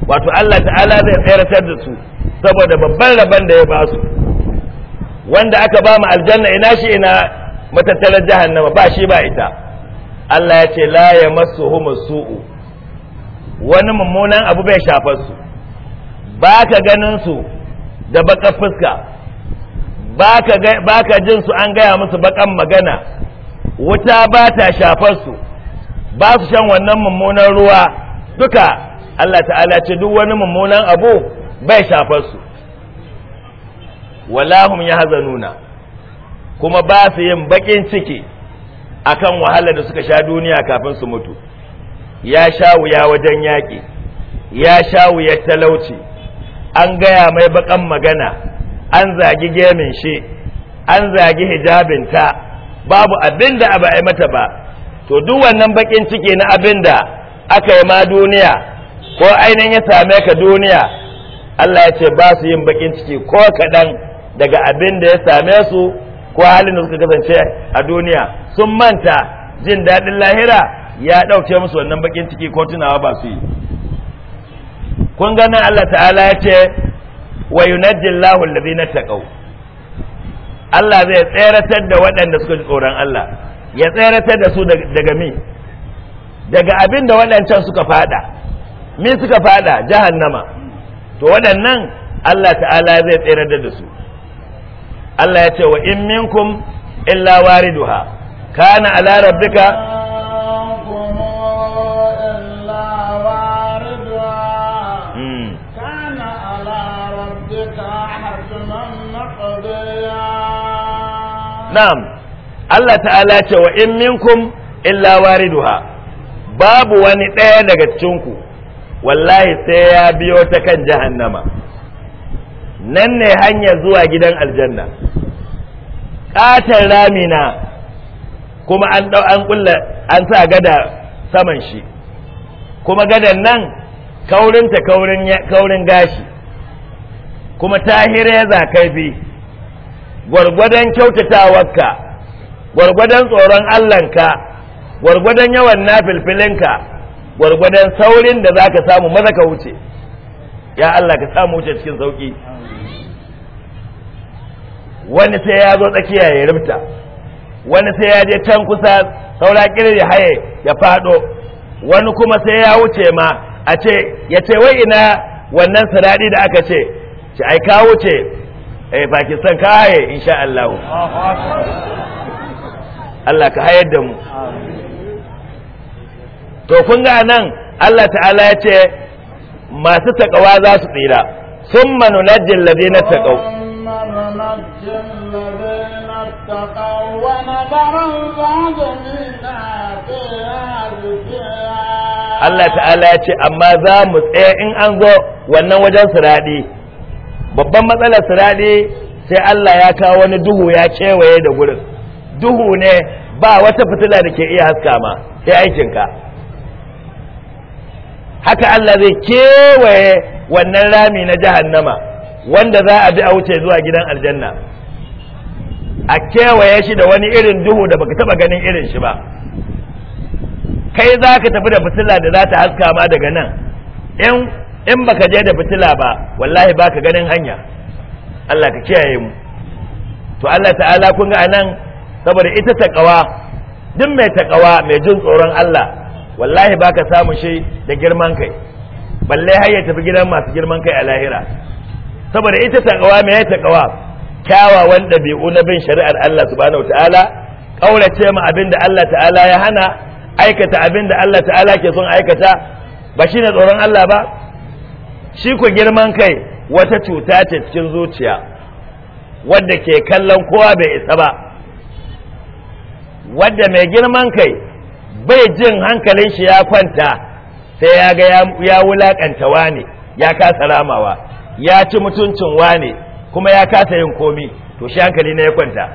wato Allah ta'ala zai tsayar da su saboda babban rabon da ya ba su wanda aka ba mu aljanna ina shi ina matattalar jahannama ba shi ba ita Allah ya ce la ya masu su'u wani mummunan abu bai shafar su ba ka ganin su da baka fuska ba ka jin su an gaya musu bakan magana wuta ba ta shafar su ba su shan wannan mummunan ruwa duka Allah ta'ala ce duk wani mummunan abu bai shafar su walahum ya haza nuna kuma ba su yin bakin ciki akan wahala da suka sha duniya kafin su mutu ya sha wuya wajen yaƙi ya sha wuya talauci an gaya mai bakan magana an zagi gemin shi an zagi hijabin ta, babu abin da ba yi mata ba to duk wannan bakin ciki na abin da aka yi ma duniya ko ainihin ya same ka duniya Allah ya ce ba su yin bakin ciki ko kaɗan daga abin da ya same su ko halin da suka kasance a duniya sun manta jin daɗin lahira ya ɗauke musu wannan bakin ciki ko tunawa ba su yi kun ganin Allah ta'ala ya ce wa yunajjillahu alladhina taqaw Allah zai tseratar da waɗanda suka ji tsoron Allah ya tseratar da su daga mi daga abin da waɗancan suka fada mi suka fada jahannama to waɗannan Allah ta'ala zai tseratar da su Allah ya ce wa in minkum illa wariduha kana ala rabbika na'am Allah ta'ala ce wa in minkum illa wariduha babu wani ɗaya daga cikinku wallahi sai ya biyo ta kan jahannama nan ne hanya zuwa gidan aljanna ƙatar ramina kuma an an ƙulla an sa gada saman shi kuma gadan nan kaurinta kaurin gashi kuma ta hireza kaifi gwargwadon kyautatawarka gwargwadon tsoron allanka gwargwadon yawan nafilfilinka gwargwadon saurin da za ka samu maza ka wuce ya Allah ka samu wuce cikin sauƙi. wani sai ya zo tsakiya ya rubta wani sai ya je can kusa saura kirin ya haye ya fado wani kuma sai ya wuce ma a ce ya ce wai ina wannan sadadi da aka ce ce ai ka wuce eh Pakistan kai insha Allah Allah ka hayar da mu to kun ga nan Allah ta'ala ya ce masu takawa za su tsira sun manu najin labe na takau Allah ta'ala ya ce amma za mu tsaye in an zo wannan wajen raɗi. babban matsalar sirade sai Allah ya kawo wani duhu ya kewaye da gurin duhu ne ba wata fitila da ke iya haska ma sai aikinka haka Allah zai kewaye wannan rami na jahannama wanda za a bi a wuce zuwa gidan aljanna a kewaye shi da wani irin duhu da baka taba ganin irin shi ba kai za ka tafi da fitila da za ta haska ma daga nan in in baka je da fitila ba wallahi baka ganin hanya Allah ka kiyaye mu to Allah ta'ala kun ga anan saboda ita taqawa duk mai taqawa mai jin tsoron Allah wallahi baka samu shi da girman kai balle har ya tafi gidan masu girman kai a lahira saboda ita taqawa mai taqawa kyawawan dabi'u na bin shari'ar Allah subhanahu wataala kaurace mu abinda Allah ta'ala ya hana aikata abinda Allah ta'ala ke son aikata ba shine tsoron Allah ba shi ku girman kai wata cuta ce cikin zuciya wadda ke kallon kowa bai isa ba wadda mai girman kai bai jin hankalin shi ya kwanta sai ya ga ya wulakanta wane ya kasa ramawa ya ci mutuncin wane kuma ya kasa yin komi to shi hankali na ya kwanta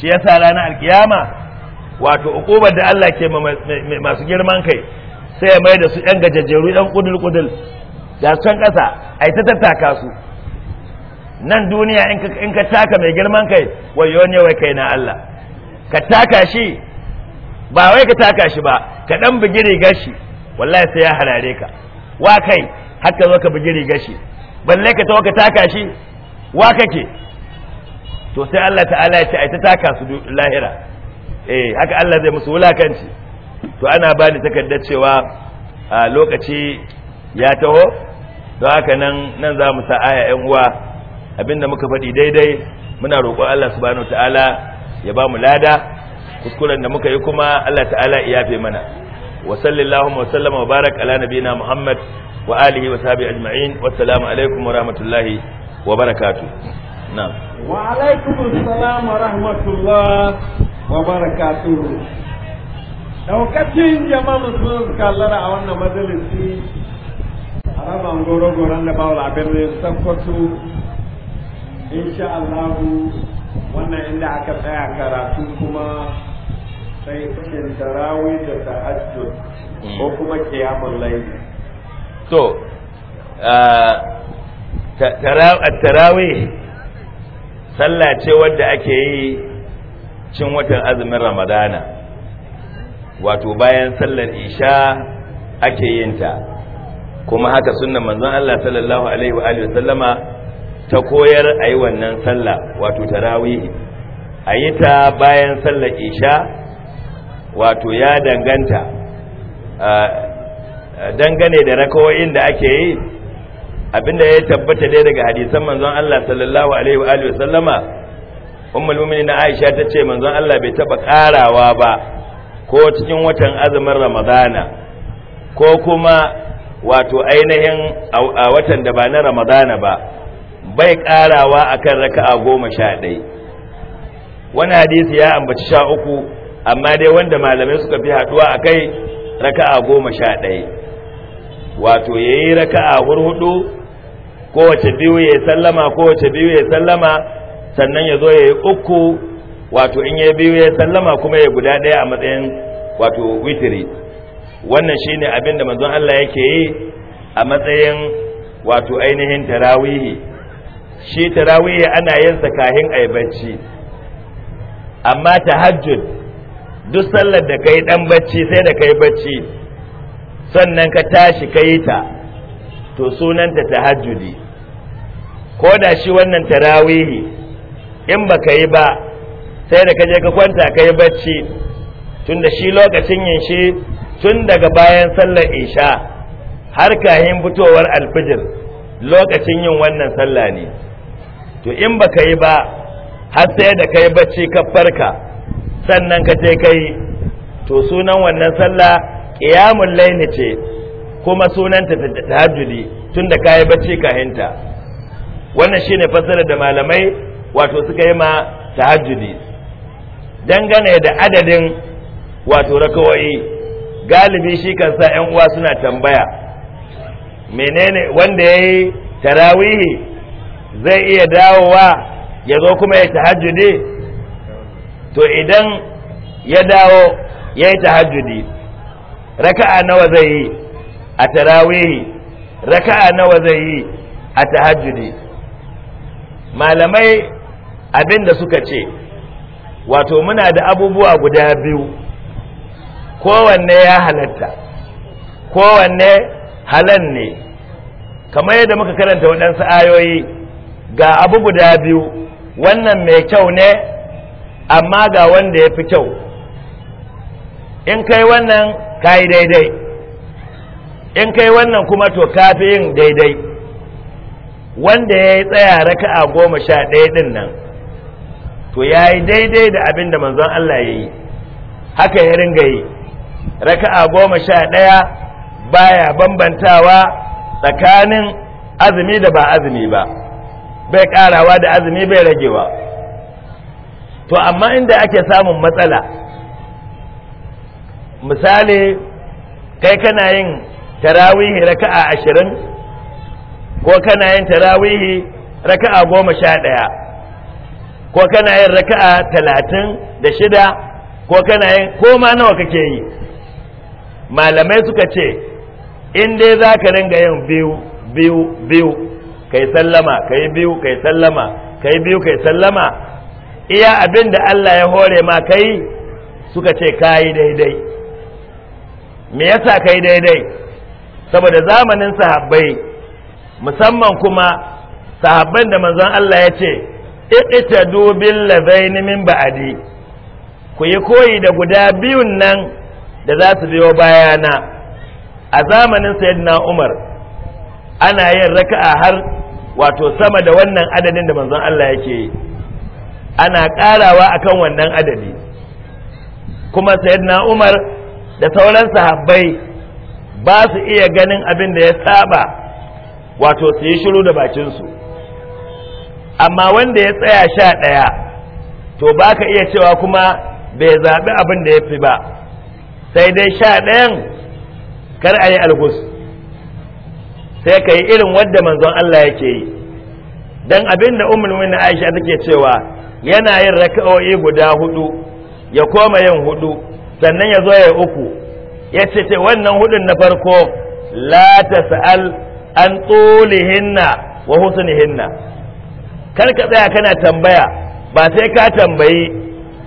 shi ya sa ranar alkiyama wato ukubar da Allah ke masu girman kai sai ya mai da su yan gajajjeru yan kudul kudul ga can ƙasa yi ta tattaka su nan duniya in ka taka mai girman kai wayo ne wai kai na Allah ka taka shi ba wai ka taka shi ba ka ɗan bugi gashi shi wallahi sai ya harare ka wa kai haka zo ka bugi gashi shi balle ka tawo ka taka shi wa kake to sai Allah ta'ala ya ce ai ta taka su lahira eh haka Allah zai musu wulakanci to ana bani takardar cewa a lokaci ya taho don haka nan nan za mu sa aya yan uwa abinda muka faɗi daidai muna roƙon Allah subhanahu ta'ala ya ba mu lada kuskuren da muka yi kuma Allah ta'ala ya yafe mana wa sallallahu wa sallama wa barak ala nabiyina Muhammad wa alihi wa sahbihi ajma'in wassalamu alaikum wa rahmatullahi wa barakatuh na'am wa alaikum assalam wa rahmatullahi wa barakatuh daukacin jama'a sun kallara a wannan majalisi saman goro-goron da bawul a birnin in sha Allahu wannan inda aka tsaya karatu kuma sai cikin tarawi da ta'ajjud ko hmm. kuma qiyamul layl to tarawi sallah ce wadda ake yi cin watan azumin ramadana wato bayan sallar isha ake yin ta kuma haka sunnan manzon Allah sallallahu alaihi wa alihi sallama ta koyar ayi wannan sallah wato tarawih ayi ta bayan sallar isha wato ya danganta dangane da rakawoyin da ake yi abinda ya tabbata dai daga hadisan manzon Allah sallallahu alaihi wa alihi sallama ummul mu'minin Aisha tace manzon Allah bai taba karawa ba ko cikin watan azumin Ramadana ko kuma wato ainihin a watan da ba na ramadana ba bai karawa akan raka'a goma sha ɗai wani hadisi ya ambaci sha uku amma dai wanda malamai suka fi haɗuwa a kai raka'a goma sha ɗai wato ya yi raka'a hurhudu kowace biyu ya sallama kowace biyu ya sallama sannan ya zo ya yi uku wato in ya biyu ya sallama kuma ya guda ɗaya a matsayin wato witiri wannan shi shine abinda manzon Allah yake yi a matsayin wato ainihin tarawihi shi tarawihi ana yin kahin ayi amma tahajjud duk sallar da kai ɗan bacci sai da kai bacci sannan ka tashi kai ta to sunanta tahajjudi ko da shi wannan tarawihi in ba ka yi ba sai da ka je ka kwanta yi bacci da shi lokacin yin shi tun daga bayan sallar isha har kahin fitowar alfijir lokacin yin wannan sallah ne to in baka yi ba har sai da kai bacci ka farka sannan ka je kai to sunan wannan sallah qiyamul layli ce kuma sunan sunanta tahajjudi da kai bacci kahinta wannan shine fasara da malamai wato suka yi ma tahajjudi dangane da adadin wato rakawoyi galibi shi kan sa yan uwa suna tambaya menene wanda yayi tarawihi zai iya dawowa ya zo kuma ya tahajjudi to idan ya dawo ya yi tahajjudi raka'a nawa zai yi a tarawihi raka'a nawa zai yi a tahajjudi malamai abinda suka ce wato muna da abubuwa guda biyu kowanne ya halatta kowanne halan ne kamar yadda muka karanta waɗansu ayoyi ga abu guda biyu wannan mai kyau ne amma ga wanda ya fi kyau in kai wannan ka yi daidai in kai wannan kuma to ka fi yin daidai wanda ya yi tsaya raka'a goma sha ɗaya ɗin nan to ya yi daidai da abin da manzon Allah ya yi haka ya ringa yi raka'a goma sha ɗaya baya bambantawa tsakanin azumi da ba azumi ba bai ƙarawa da azumi bai ragewa to amma inda ake samun matsala misali kai kana yin tarawihi raka'a ashirin ko kana yin tarawihi raka'a goma sha ɗaya ko kana yin raka'a talatin da shida ko kana yin koma nawa kake yi malamai suka ce in dai za ka ringa yin biyu biyu biyu kai sallama kai biyu kai sallama kai biyu kai sallama iya abin da Allah ya hore ma kai suka ce kayi daidai me yasa kai daidai saboda zamanin sahabbai musamman kuma sahabban da manzon Allah ya ce iqtadu bil ladaini min ba'di ku yi koyi da guda biyun nan da za su biyo bayana a zamanin sayyidina umar ana yin raka'a har wato sama da wannan adadin da manzon Allah yake yi ana karawa akan wannan adadi kuma sayyidina umar da sauran sahabbai ba su iya ganin abin da ya saba wato su yi shiru da bakinsu amma wanda ya tsaya sha ɗaya to ba ka iya cewa kuma bai zaɓi abin da ya fi ba sai dai sha ɗayan kar a yi algus sai ka yi irin wadda manzon Allah yake yi don abin da umar na aisha take cewa yana yin raka'o'i guda hudu ya koma yin hudu sannan ya zo ya uku ya ce ce wannan hudun na farko la ta sa'al an tsulihinna wa hinna kar ka tsaya kana tambaya ba sai ka tambayi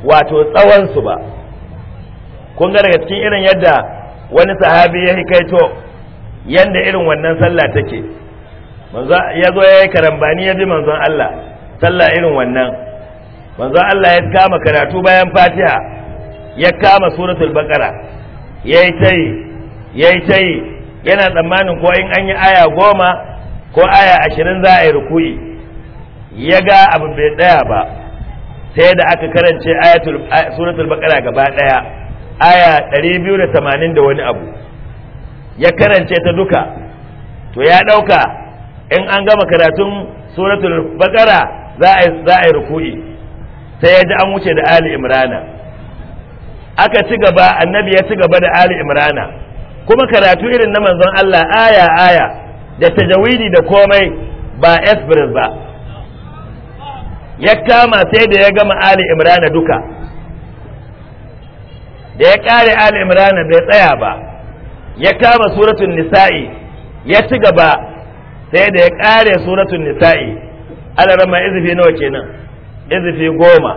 wato tsawonsu ba kun ga daga cikin irin yadda wani sahabi ya hikaito yanda irin wannan sallah take manzo ya zo ya yi karambani ya ji manzon Allah sallah irin wannan manzon Allah ya kama karatu bayan Fatiha ya kama suratul baqara yayi tayi yayi tayi yana tsammanin ko in an yi aya goma ko aya ashirin za a yi rukuyi ya ga abu bai ɗaya ba sai da aka karance ayatul suratul baqara gaba ɗaya. aya 280 da wani abu ya karance ta duka to ya ɗauka in an gama karatun suratul bakara za a yi ruku'i sai ya ji an wuce da ali imrana aka ci gaba annabi ya ci gaba da ali imrana kuma karatu irin na manzon Allah aya aya da tajawidi da komai ba esbris ba ya kama sai da ya gama ali imrana duka da ya kare al imran bai tsaya ba ya kama suratun nisa'i ya ci gaba sai da ya kare suratun nisa'i alarama izifi nawa kenan izifi goma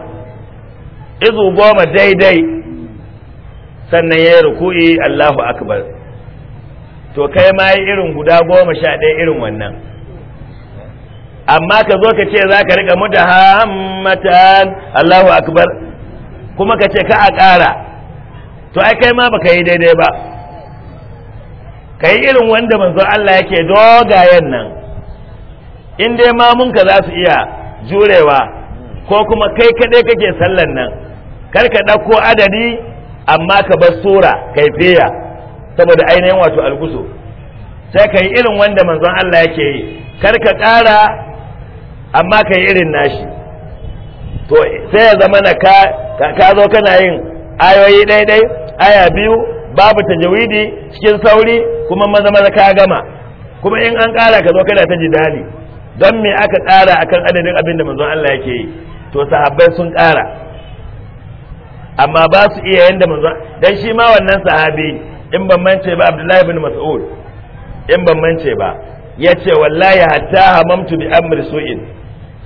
izu goma daidai sannan ya yi ruku'i Allahu akbar to kai ma yi irin guda goma sha ɗaya irin wannan amma ka zo ka ce za ka riƙa da hammatan Allahu akbar kuma ka ce ka a ƙara to ai kai ma baka yi daidai ba kai irin wanda manzon Allah yake dogayen nan in dai ma mun ka za su iya jurewa ko kuma kai kaɗai kake sallan nan kar ka ɗauko adadi amma ka bar sura fiya saboda ainihin wato alguso sai ka yi irin wanda manzon Allah yake yi kar ka kara amma ka yi irin nashi to sai ya zama na ka zo kana yin ayoyi daidai aya biyu babu tajawidi cikin sauri kuma maza maza ka gama kuma in an kara ka zo kana ta jidali don me aka tsara akan adadin abin da manzon Allah yake yi to sahabbai sun ƙara amma ba su iya yanda manzon dan shi ma wannan sahabi in ban mance ba Abdullahi bin Mas'ud in ban mance ba yace wallahi hatta hamamtu bi amri su'in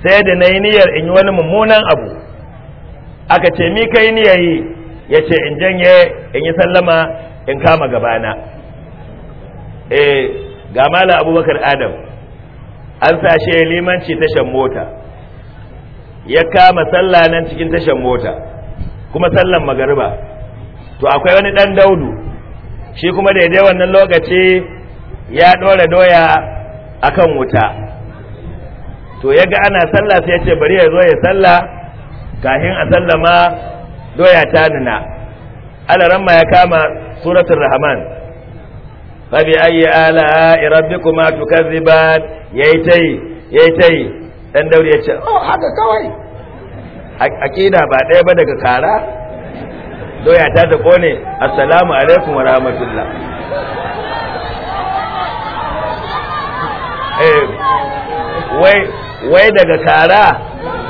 sai da nayi niyyar in yi wani mummunan abu aka ce mi kai yi. ya ce in janye in yi sallama in kama gabana eh ga mala abubakar adam an sashe limanci tashan mota ya kama sallah nan cikin tashan mota kuma sallan magariba to akwai wani dan daudu shi kuma daidai wannan lokaci ya ɗora doya akan wuta to ya ga ana sallah sai ya ce bari ya zo ya sallah kahin a sallama doya ta nuna alaramma ya kama suratul rahman bi ayi ala rabbikuma tukazziban yayi tai yayi tai dan daure ya ce oh haka kawai akida ba ɗaya ba daga kara doya ta da kone assalamu alaikum wa rahmatullah eh wai wai daga kara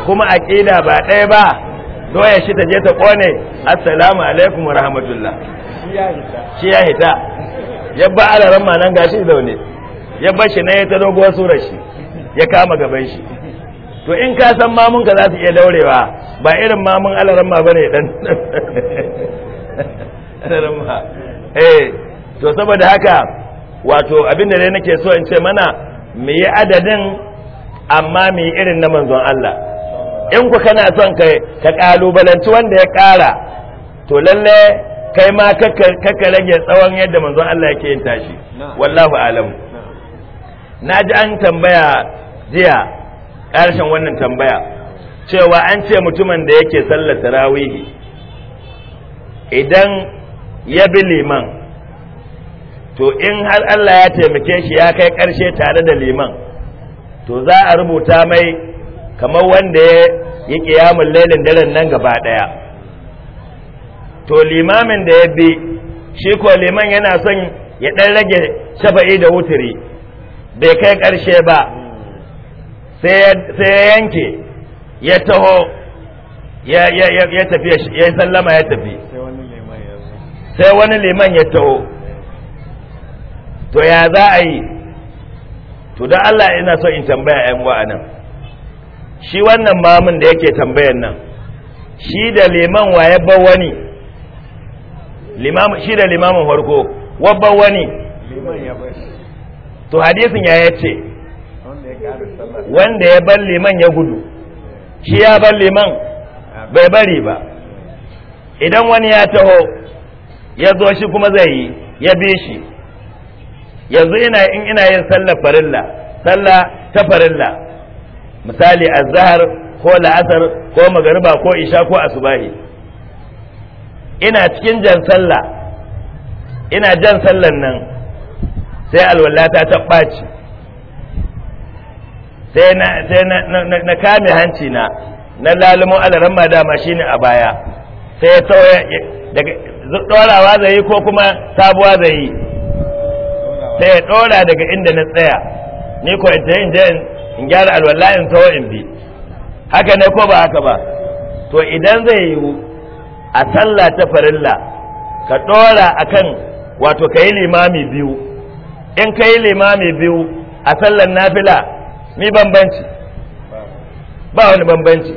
kuma akida ba ɗaya ba doya shi ta je ta kone assalamu alaikum wa rahmatullah shi ya hita ya ba alaran ma nan gashi zaune ya ba shi na ya ta doguwar surar shi ya kama gaban shi to in ka san mamun ka za su iya daurewa ba irin mamun alaran ma bane dan alaran ma eh to saboda haka wato abin da dai nake so in ce mana mu yi adadin amma mu yi irin na manzon Allah in ku kana son ka kalubalanci wanda ya kara to lalle kai ma kaka rage tsawon yadda manzon Allah yake yin tashi wallahu alam na ji an tambaya jiya karshen wannan tambaya cewa an ce mutumin da yake sallar tarawihi idan ya bi liman to in har Allah ya taimake shi ya kai ƙarshe tare da liman to za a rubuta mai kamar wanda ya yi kiyamun lailin daren nan gaba ɗaya to limamin da ya bi shi ko liman yana son ya ɗan rage shafa'i da wuturi bai kai ƙarshe ba sai ya yanke ya taho ya tafi ya sallama ya tafi sai wani liman ya taho to ya za a yi to da Allah ina so in tambaya 'yan wa'anan shi wannan mamun da yake tambayan nan shi da liman waye ba wani shi da limamin farko wa wabba wani to hadisin ya yace wanda ya bar liman ya gudu shi ya bar liman bai bari ba idan wani ya taho ya zo shi kuma zai yi ya bi shi yanzu ina in ina yin sallar farilla sallah ta farilla misali azhar ko la'asar ko magariba ko isha ko asubahi ina cikin jan sallah ina jan sallan nan sai alwallata ta ɓaci sai na kame hanci na na lalumo alaran shi ne a baya sai ya sauya daga dorawa zai yi ko kuma sabuwa zai yi sai ya dora daga inda na tsaya ni ko in je in in gyara alwala in tawo in bi haka ne ko ba haka ba to idan zai yiwu a sallah ta farilla ka dora akan wato ka yi limami biyu in ka yi limami biyu a sallar nafila mi bambanci ba wani bambanci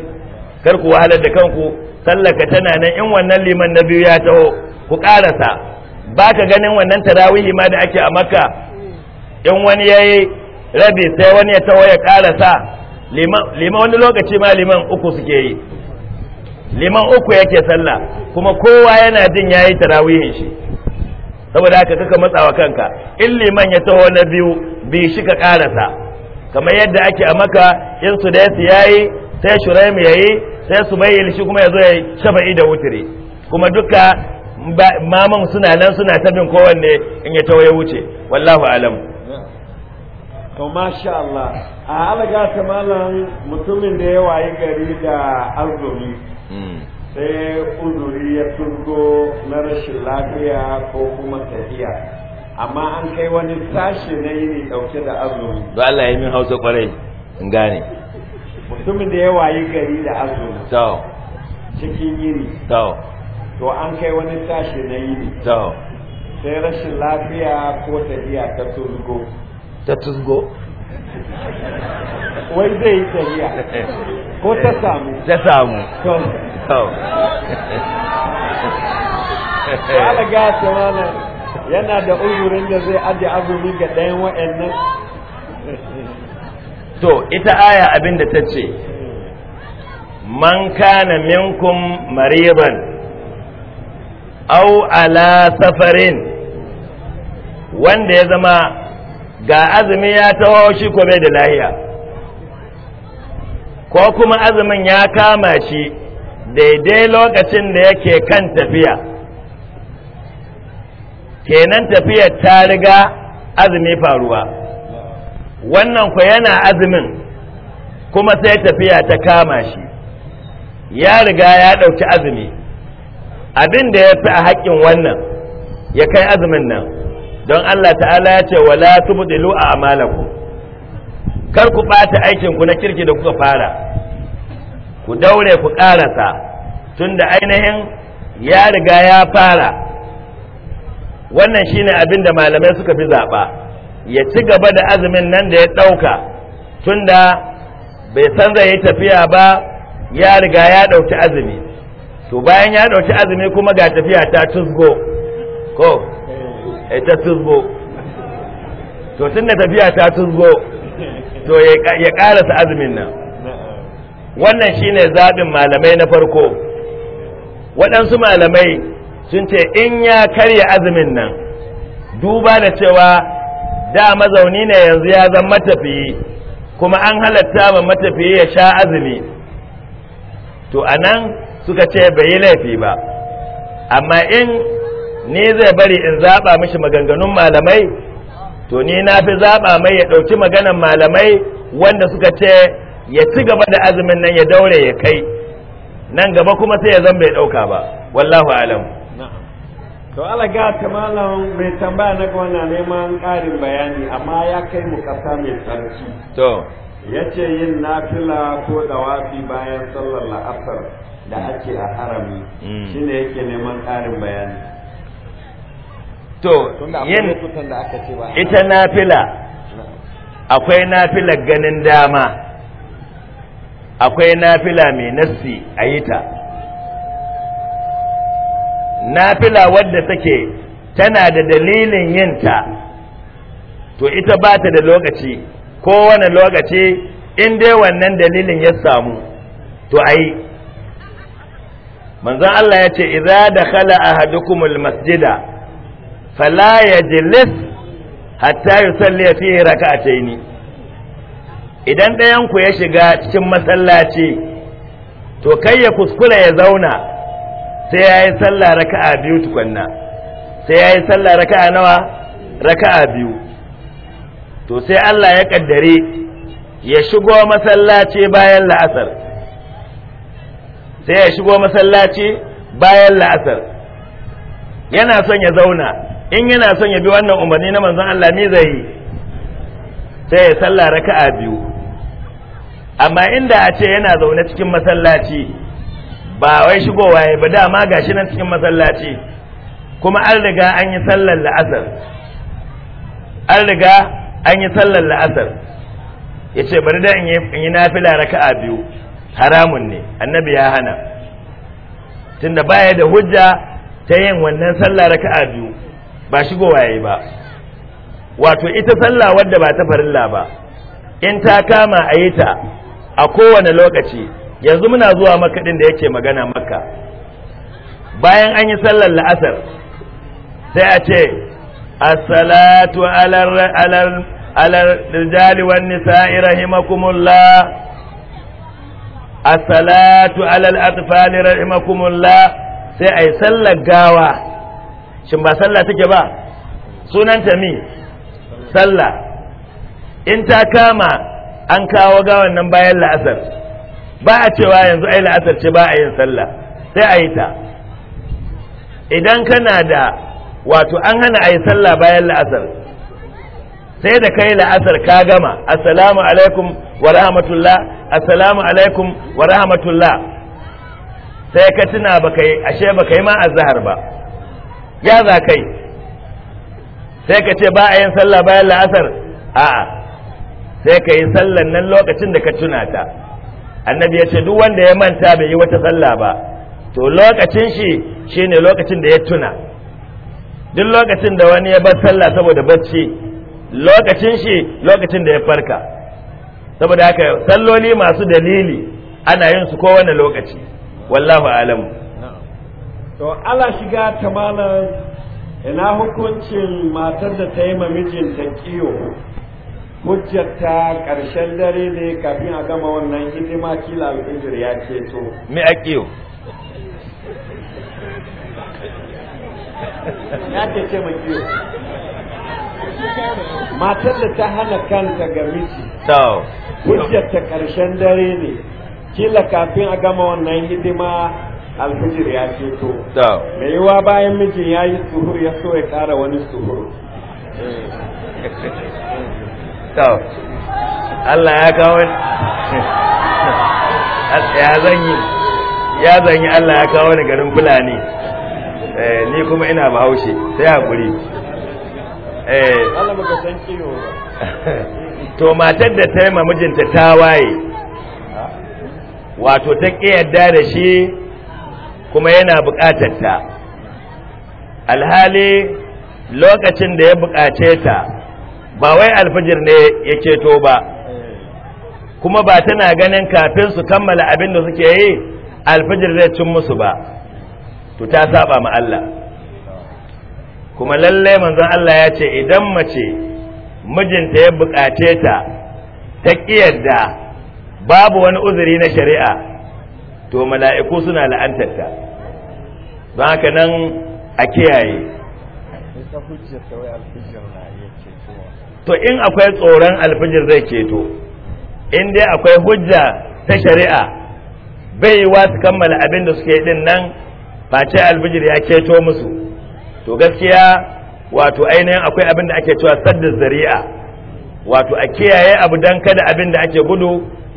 kar ku wahalar da kanku sallaka tana nan in wannan liman na biyu ya taho ku karasa ba ka ganin wannan tarawihi ma da ake a makka in wani ya yi rabi sai wani ya taho ya karasa liman wani lokaci ma liman uku suke yi liman uku yake sallah kuma kowa yana jin yayi tarawihin shi saboda haka kaka matsawa kanka in liman ya taho na biyu bi shi ka karasa kamar yadda ake a maka in su da yayi sai shuraim yayi sai su bayyana shi kuma ya zo ya shafa'i da wutiri kuma duka maman suna nan suna tabin kowanne in ya taho ya wuce wallahu alam to masha Allah a halaga ta malam mutumin da ya wayi gari da arzumi hmm. sai uzuri ya turgo na rashin lafiya ko kuma tafiya amma an kai wani sashi na yini dauke da azumi ba Allah ya min hausa kwarai in gane mutumin da ya wayi gari da azumi to cikin yini to to an kai wani sashi na yini to sai rashin lafiya ko tafiya ta turgo ta tusgo wai zai yi tafiya ko ta samu ta samu to gasa ga tsamana yana da uzurin da zai ajiye abubuwan ga ɗayan wa'annan to ita aya abinda ta ce man kana minkum mariban aw ala safarin wanda ya zama ga azumi ya taho shi ko bai da lahiya ko kuma azumin ya kama shi daidai lokacin da yake kan tafiya kenan tafiyar ta riga azumi faruwa wannan ku yana azumin kuma sai tafiya ta kama shi ya riga ya ɗauki azumi abin da ya fi a haƙƙin wannan ya kai azumin nan don Allah ta'ala ya ce la tubdilu a'malakum kar ku bata aikin ku na kirki da kuka fara ku daure ku karasa tunda ainihin ya riga ya fara wannan shine abin da malamai suka fi zaba ya ci gaba da azumin nan da ya dauka tunda bai san zai yi tafiya ba ya riga ya dauki azumi to bayan ya dauki azumi kuma ga tafiya ta tusgo ko Eh, ta tuzgo to tun da tafiya ta tuzgo to ya karasa azumin nan wannan shine zaɓin malamai na farko waɗansu malamai sun ce in ya karya azumin nan duba da cewa da mazauni ne yanzu ya zama matafiyi kuma an halatta ma matafiyi ya sha azumi to anan suka ce bai yi laifi ba amma in Ni zai bari in zaɓa mishi maganganun malamai to ni na fi zaɓa mai ya ɗauki maganan malamai wanda suka ce ya ci gaba da azumin nan ya daure ya kai nan gaba kuma sai ya zan bai ɗauka ba wallahu alam to alaga ta malam mai tambaya na gwana neman ƙarin bayani amma ya kai mu ƙasa mai tsarki to ya ce yin nafila ko dawafi bayan sallar la'asar da ake a harami mm. shine yake neman ƙarin bayani to yin ita nafila akwai nafila ganin dama akwai nafila mai nassi a yi ta nafila wadda take tana da dalilin yinta to ita ba ta da lokaci kowane lokaci in dai wannan dalilin ya samu to a yi manzan Allah ya ce iza da khala ahadukumul masjida fala يجلس حتى يصلي فيه ركعتين idan ɗayan ku ya shiga cikin masallaci to kai ya kuskura ya zauna sai yayi sallah raka'a biyu tukunna sai yayi sallah raka'a nawa raka'a biyu to sai Allah ya kaddare ya shigo masallaci bayan la'asar sai ya shigo masallaci bayan la'asar yana son ya zauna in yana son ya bi wannan umarni na manzon Allah me zai yi sai ya salla raka'a biyu amma inda a ce yana zaune cikin masallaci ba wai shigowa ya ba dama gashi nan cikin masallaci kuma an riga an yi sallar la'asar an riga an yi sallar la'asar ya ce bari da in yi nafila raka'a biyu haramun ne annabi ya hana tunda baya da hujja ta yin wannan sallar raka'a biyu ba shigo yayi ba wato ita sallah wadda ba ta farilla ba in ta kama a yi ta a kowane lokaci yanzu muna zuwa makaɗin da yake magana makka bayan an yi sallar la'asar sai a ce assalatu salatu rijali wan nisa'i salatu alal atfali rahimakumullah sai a yi sallar gawa shin ba sallah take ba sunanta mi sallah in ta kama an kawo gawan nan bayan la'asar ba a cewa yanzu ai la'asar ce ba a yin sallah sai a yi ta idan kana da wato an hana a yi sallah bayan la'asar sai da kai la'asar ka gama assalamu alaikum wa rahmatullah assalamu alaikum wa rahmatullah sai ka tuna baka yi ashe baka yi ma azhar ba ya za kai sai ka ce ba a yin sallah bayan la'asar a'a sai ka yi sallan nan lokacin da ka tuna ta annabi ya ce duk wanda ya manta bai yi wata sallah ba to lokacin shi shine lokacin da ya tuna duk lokacin da wani ya bar sallah saboda bacci lokacin shi lokacin da ya farka saboda haka salloli masu dalili ana yin su kowane lokaci wallahu alamu to ala shiga ta malam ina hukuncin matar da ta yi ma mijinta kiyo hujjata ƙarshen dare ne kafin a gama wannan hidima kila al'ijir ya ce to. me a kiyo ya ce ce mai kiyo matar da ta hana kanta ga miji hujjata ƙarshen dare ne kila kafin a gama wannan hidima alhijir ya to mai yiwa bayan mijin ya yi suhur ya so ya kara wani suhur to Allah ya kawo ya zanyi ya zanyi Allah ya kawo ni garin fulani eh, ni kuma ina bahaushe sai hakuri eh Allah baka san kiyo to matar da ta yi mijinta ta waye wato ta ƙi yadda da shi kuma yana buƙatar ta alhali lokacin da ya buƙace ta ba wai alfijir ne ya ceto ba kuma ba tana ganin kafin su kammala abin da suke yi alfijir zai cin musu ba to ta saba ma Allah kuma lallai manzon Allah ya ce idan mace mijinta ya buƙace ta ta kiyarda babu wani uzuri na shari'a to mala'iku suna la'antarta don haka nan a kiyaye to in akwai tsoron alfijir zai keto in dai akwai hujja ta shari'a bai yi wasu kammala abin da suke din nan face alfijir ya keto musu to gaskiya wato ainihin akwai abin da ake cewa saddar zari'a wato a kiyaye abu don kada abin da ake gudu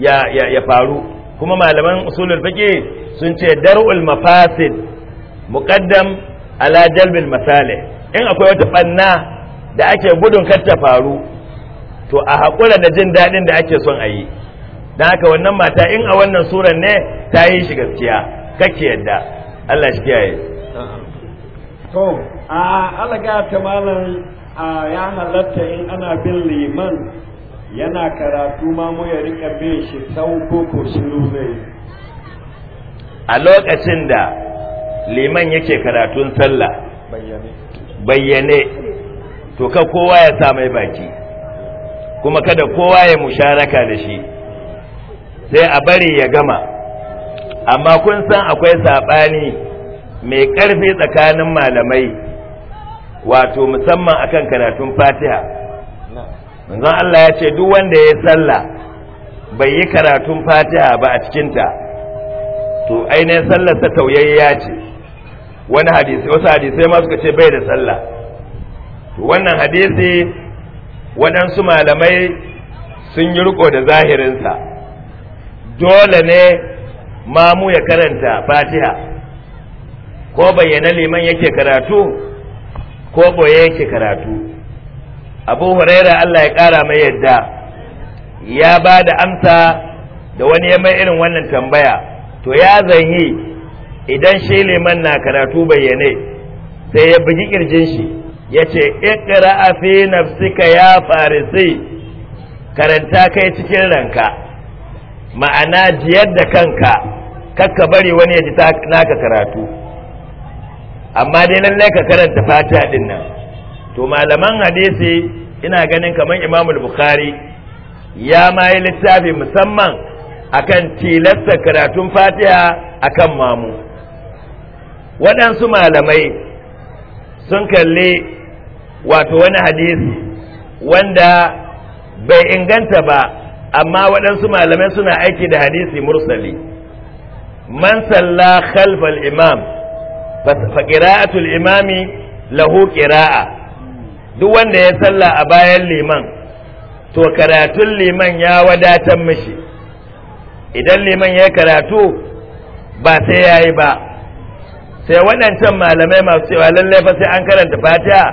ya faru kuma malaman usulul fiqh sun ce dar'ul mafasid muqaddam ala jalbil masalih in akwai wata banna da ake gudun kar ta faru to a hakura da jin dadin da ake son ayi dan haka wannan mata in a wannan suran ne ta yi shi gaskiya kake yadda Allah shi kiyaye to a Allah ga ta malam ya halatta in ana bin liman yana karatu ma mu ya rika bin shi sau ko ko shiru zai a lokacin da liman yake karatun sallah bayyane to ka kowa ya sa mai baki kuma kada kowa ya musharaka da shi sai a bari ya gama amma kun san akwai saɓani mai ƙarfi tsakanin malamai wato musamman akan karatun fatiha manzon Allah ya ce duk wanda ya sallah bai yi karatun fatiha ba a cikinta to ainihin sallarsa tauyayya ce wani hadisi wasu hadisai ma suka ce bai da sallah to wannan hadisi waɗansu malamai sun yi riko da zahirinsa dole ne mamu ya karanta fatiha ko bayyana liman yake karatu ko boye yake karatu abu huraira Allah ya kara mai yadda ya ba da amsa da wani ya mai irin wannan tambaya to ya zanyi idan shi liman na karatu bayyane sai ya bugi kirjin shi ya ce a fi nafsika ya farisi karanta kai cikin ranka ma'ana jiyar da kanka kakka bari wani ya ji naka karatu amma dai lallai ka karanta fata din nan to malaman hadisi ina ganin kamar imamul bukhari ya mayi littafi musamman akan tilasta karatun fatiha akan mamu waɗansu malamai sun kalli wato wani hadisi wanda bai inganta ba amma waɗansu malamai suna aiki da hadisi mursali man salla khalfal imam fa qira'atul imami lahu qira'a duk wanda ya sallah a bayan liman to karatun liman ya wadatar mishi idan liman ya karatu ba sai ya yi ba sai waɗancan malamai masu cewa lallai fa sai an karanta fatiha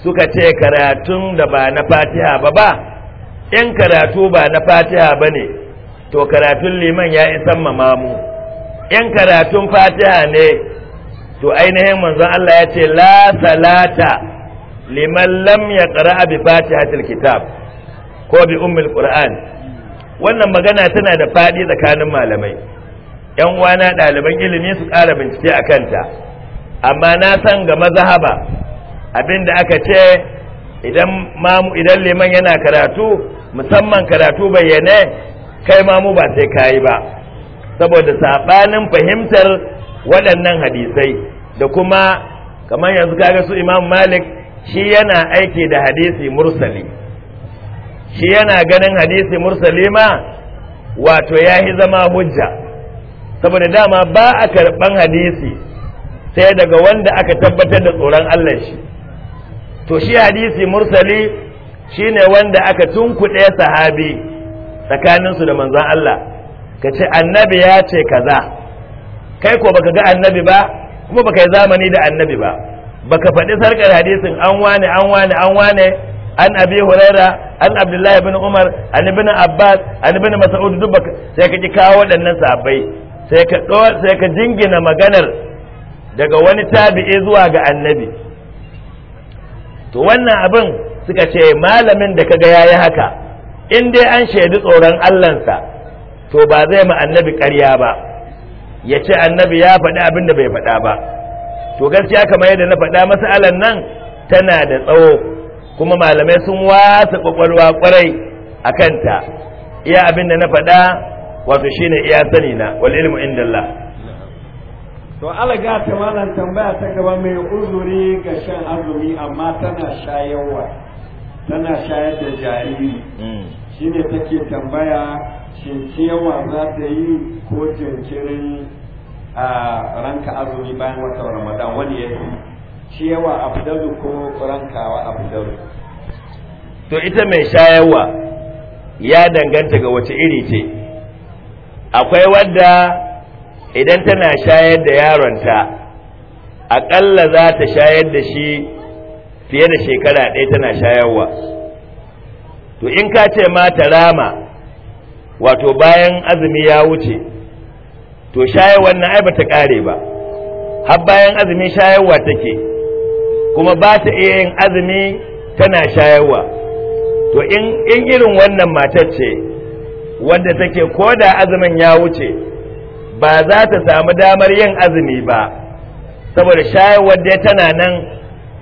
suka ce karatun da ba na fatiha ba ba in karatu ba na fatiha ba ne to karatun liman ya isa mamamu in karatun fatiha ne to ainihin manzon Allah ya ce la salata liman lam ya ƙara'a bi fatihatul kitab ko bi ummul qur'an wannan magana tana da faɗi tsakanin malamai yan wana ɗaliban ilimi su ƙara bincike a kanta amma na san ga abin abinda aka ce idan mamu idan liman yana karatu musamman karatu bayyane kai mamu ba sai kayi ba saboda sabanin fahimtar waɗannan hadisai da kuma kamar yanzu kaga su imam malik shi yana aiki da hadisi mursali shi yana ganin hadisi mursali ma wato ya yi zama hujja saboda dama ba a karɓan hadisi sai daga wanda aka tabbatar da tsoron Allah shi to shi hadisi mursali shine wanda aka tunkuɗe sahabi tsakaninsu da manzon Allah ka ce annabi ya ce kaza kai ko baka ga annabi ba kuma baka yi zamani da annabi ba baka faɗi sarkar hadisin an wane an wane an wane an abi Hurera an abdullahi bin umar an ibn abbas an ibn mas'ud duk sai ka ji kawo waɗannan sahabbai sai ka sai ka jingina maganar daga wani tabi'i zuwa ga annabi to wannan abin suka ce malamin da kaga yayi haka in dai an shaidi tsoron sa to ba zai ma annabi ƙarya ba ya ce annabi ya faɗi abin da bai faɗa ba to gaskiya kamar yadda na faɗa mas'alan nan tana da tsawo kuma malamai sun wasa kwakwalwa kwarai a kanta iya abin da na faɗa wato ne iya sani na wal ilmu Allah to alaga ta malam tambaya ta gaba mai uzuri ga shan azumi amma tana shayarwa tana shayar da jariri mm. shi ne take tambaya shin ciyawa za ta yi ko jinkirin a ranka azumi bayan watan ramadan wani ya fi ciyawa abdalu ko rankawa abdalu to ita mai shayarwa ya danganta ga wace iri ce akwai wadda idan tana shayar da yaronta aƙalla za ta shayar da shi fiye da shekara ɗaya tana shayarwa to in ka ce ma rama wato bayan azumi ya wuce to shayarwar na ai bata kare ba har bayan azumi shayarwa take kuma ba ta iya yin azumi tana shayarwa to in in irin wannan matar ce wanda take koda azumin ya wuce ba za ta samu damar yin azumi ba saboda shayarwar dai tana nan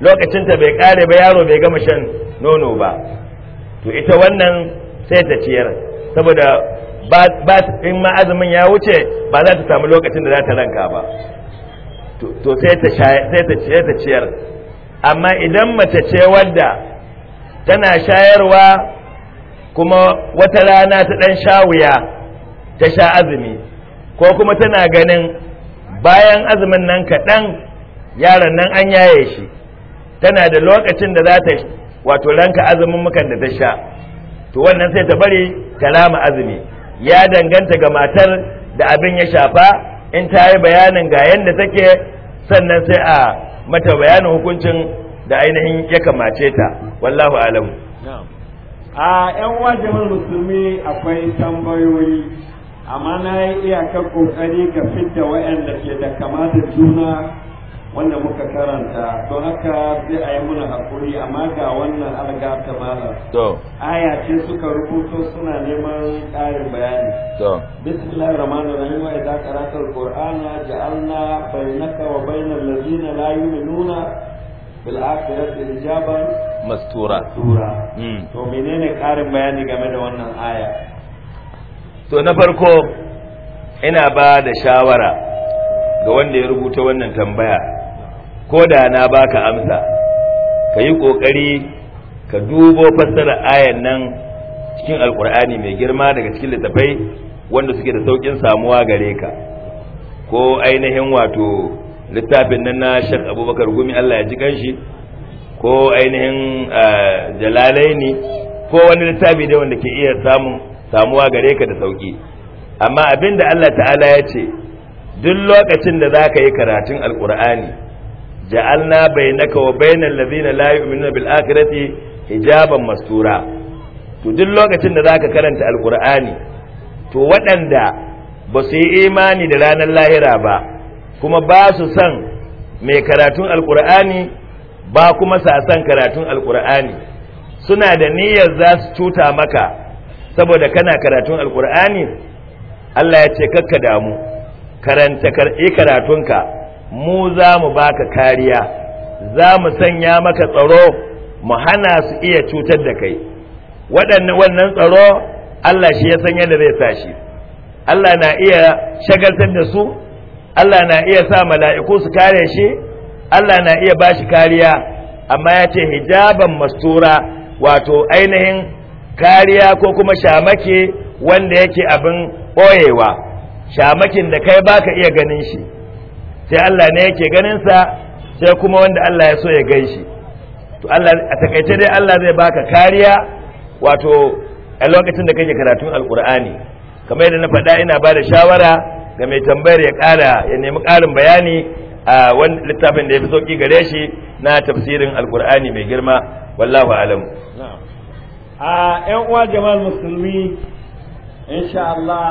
lokacinta bai kare ba yaro bai gama shan nono ba to ita wannan sai ta ciyar saboda ba in ma azumin ya wuce ba za ta samu lokacin da za ta ranka ba to sai ta sai ta ciyar amma idan mace ce wadda tana shayarwa kuma wata rana ta dan shawuya ta sha azumi ko kuma tana ganin bayan azumin nan kaɗan yaron nan an yaye shi tana da lokacin da za ta wato ranka azumin mukan da ta sha to wannan sai ta bari ta azumi ya danganta ga matar da abin ya shafa in ta yi bayanin ga yadda take sannan sai a mata bayanin hukuncin da ainihin ya kamace ta wallahu alamu a yan wajen musulmi akwai tambayoyi amma na yi iyakar kokari ga fidda waɗanda ke da kamata juna wanda muka karanta don haka sai a yi muna hakuri amma ga wannan alga ta mala to aya suka rubuto suna neman ƙarin bayani to bismillahir rahmanir rahim wa idza qara'ta al-qur'ana ja'alna bainaka wa bainal ladina la yu'minuna bil akhirati hijaban mastura mastura hmm. to menene ƙarin bayani game da wannan aya to na farko ina ba da shawara ga wanda ya rubuta wannan tambaya ko da na baka amsa ka yi ƙoƙari ka dubo fassara ayan nan cikin alkur'ani mai girma daga cikin littafai wanda suke da saukin samuwa gare ka ko ainihin wato littafin nan na shek abubakar gumi allah ya ji kanshi ko ainihin eh, jalalaini ko wani littafi dai wanda ke iya samun samuwa gare ka da sauki amma abin da allah ta'ala ya ce duk lokacin da za ka yi karatun alkur'ani ja'alna bainaka wa bainal ladina la yu'minuna bil akhirati hijaban mastura to duk lokacin da za ka karanta alqur'ani to waɗanda ba su yi imani da ranar lahira ba kuma ba su san mai karatun alqur'ani ba kuma sa san karatun alqur'ani suna da niyyar za su cuta maka saboda kana karatun alqur'ani Allah ya ce kakka damu karanta karɓi karatunka mu za mu baka kariya za mu sanya maka tsaro mu hana su iya cutar da kai waɗannan wannan tsaro Allah shi ya sanya da zai tashi Allah na iya shagaltar da su Allah na iya sa mala'iku su kare shi Allah na iya ba shi kariya amma ya ce hijaban mastura wato ainihin kariya ko kuma shamake wanda yake abin ɓoyewa shamakin da kai baka iya ganin shi sai Allah ne yake ganin sa sai kuma wanda Allah ya so ya ganshi to Allah a takaice dai Allah zai baka kariya wato a lokacin da kake karatun alkur'ani kamar yadda na faɗa ina ba da shawara ga mai tambayar ya ƙara ya nemi ƙarin bayani a wani littafin da ya fi sauƙi gare shi na tafsirin alkur'ani mai girma wallahu alam a yan uwa jama'al musulmi insha Allah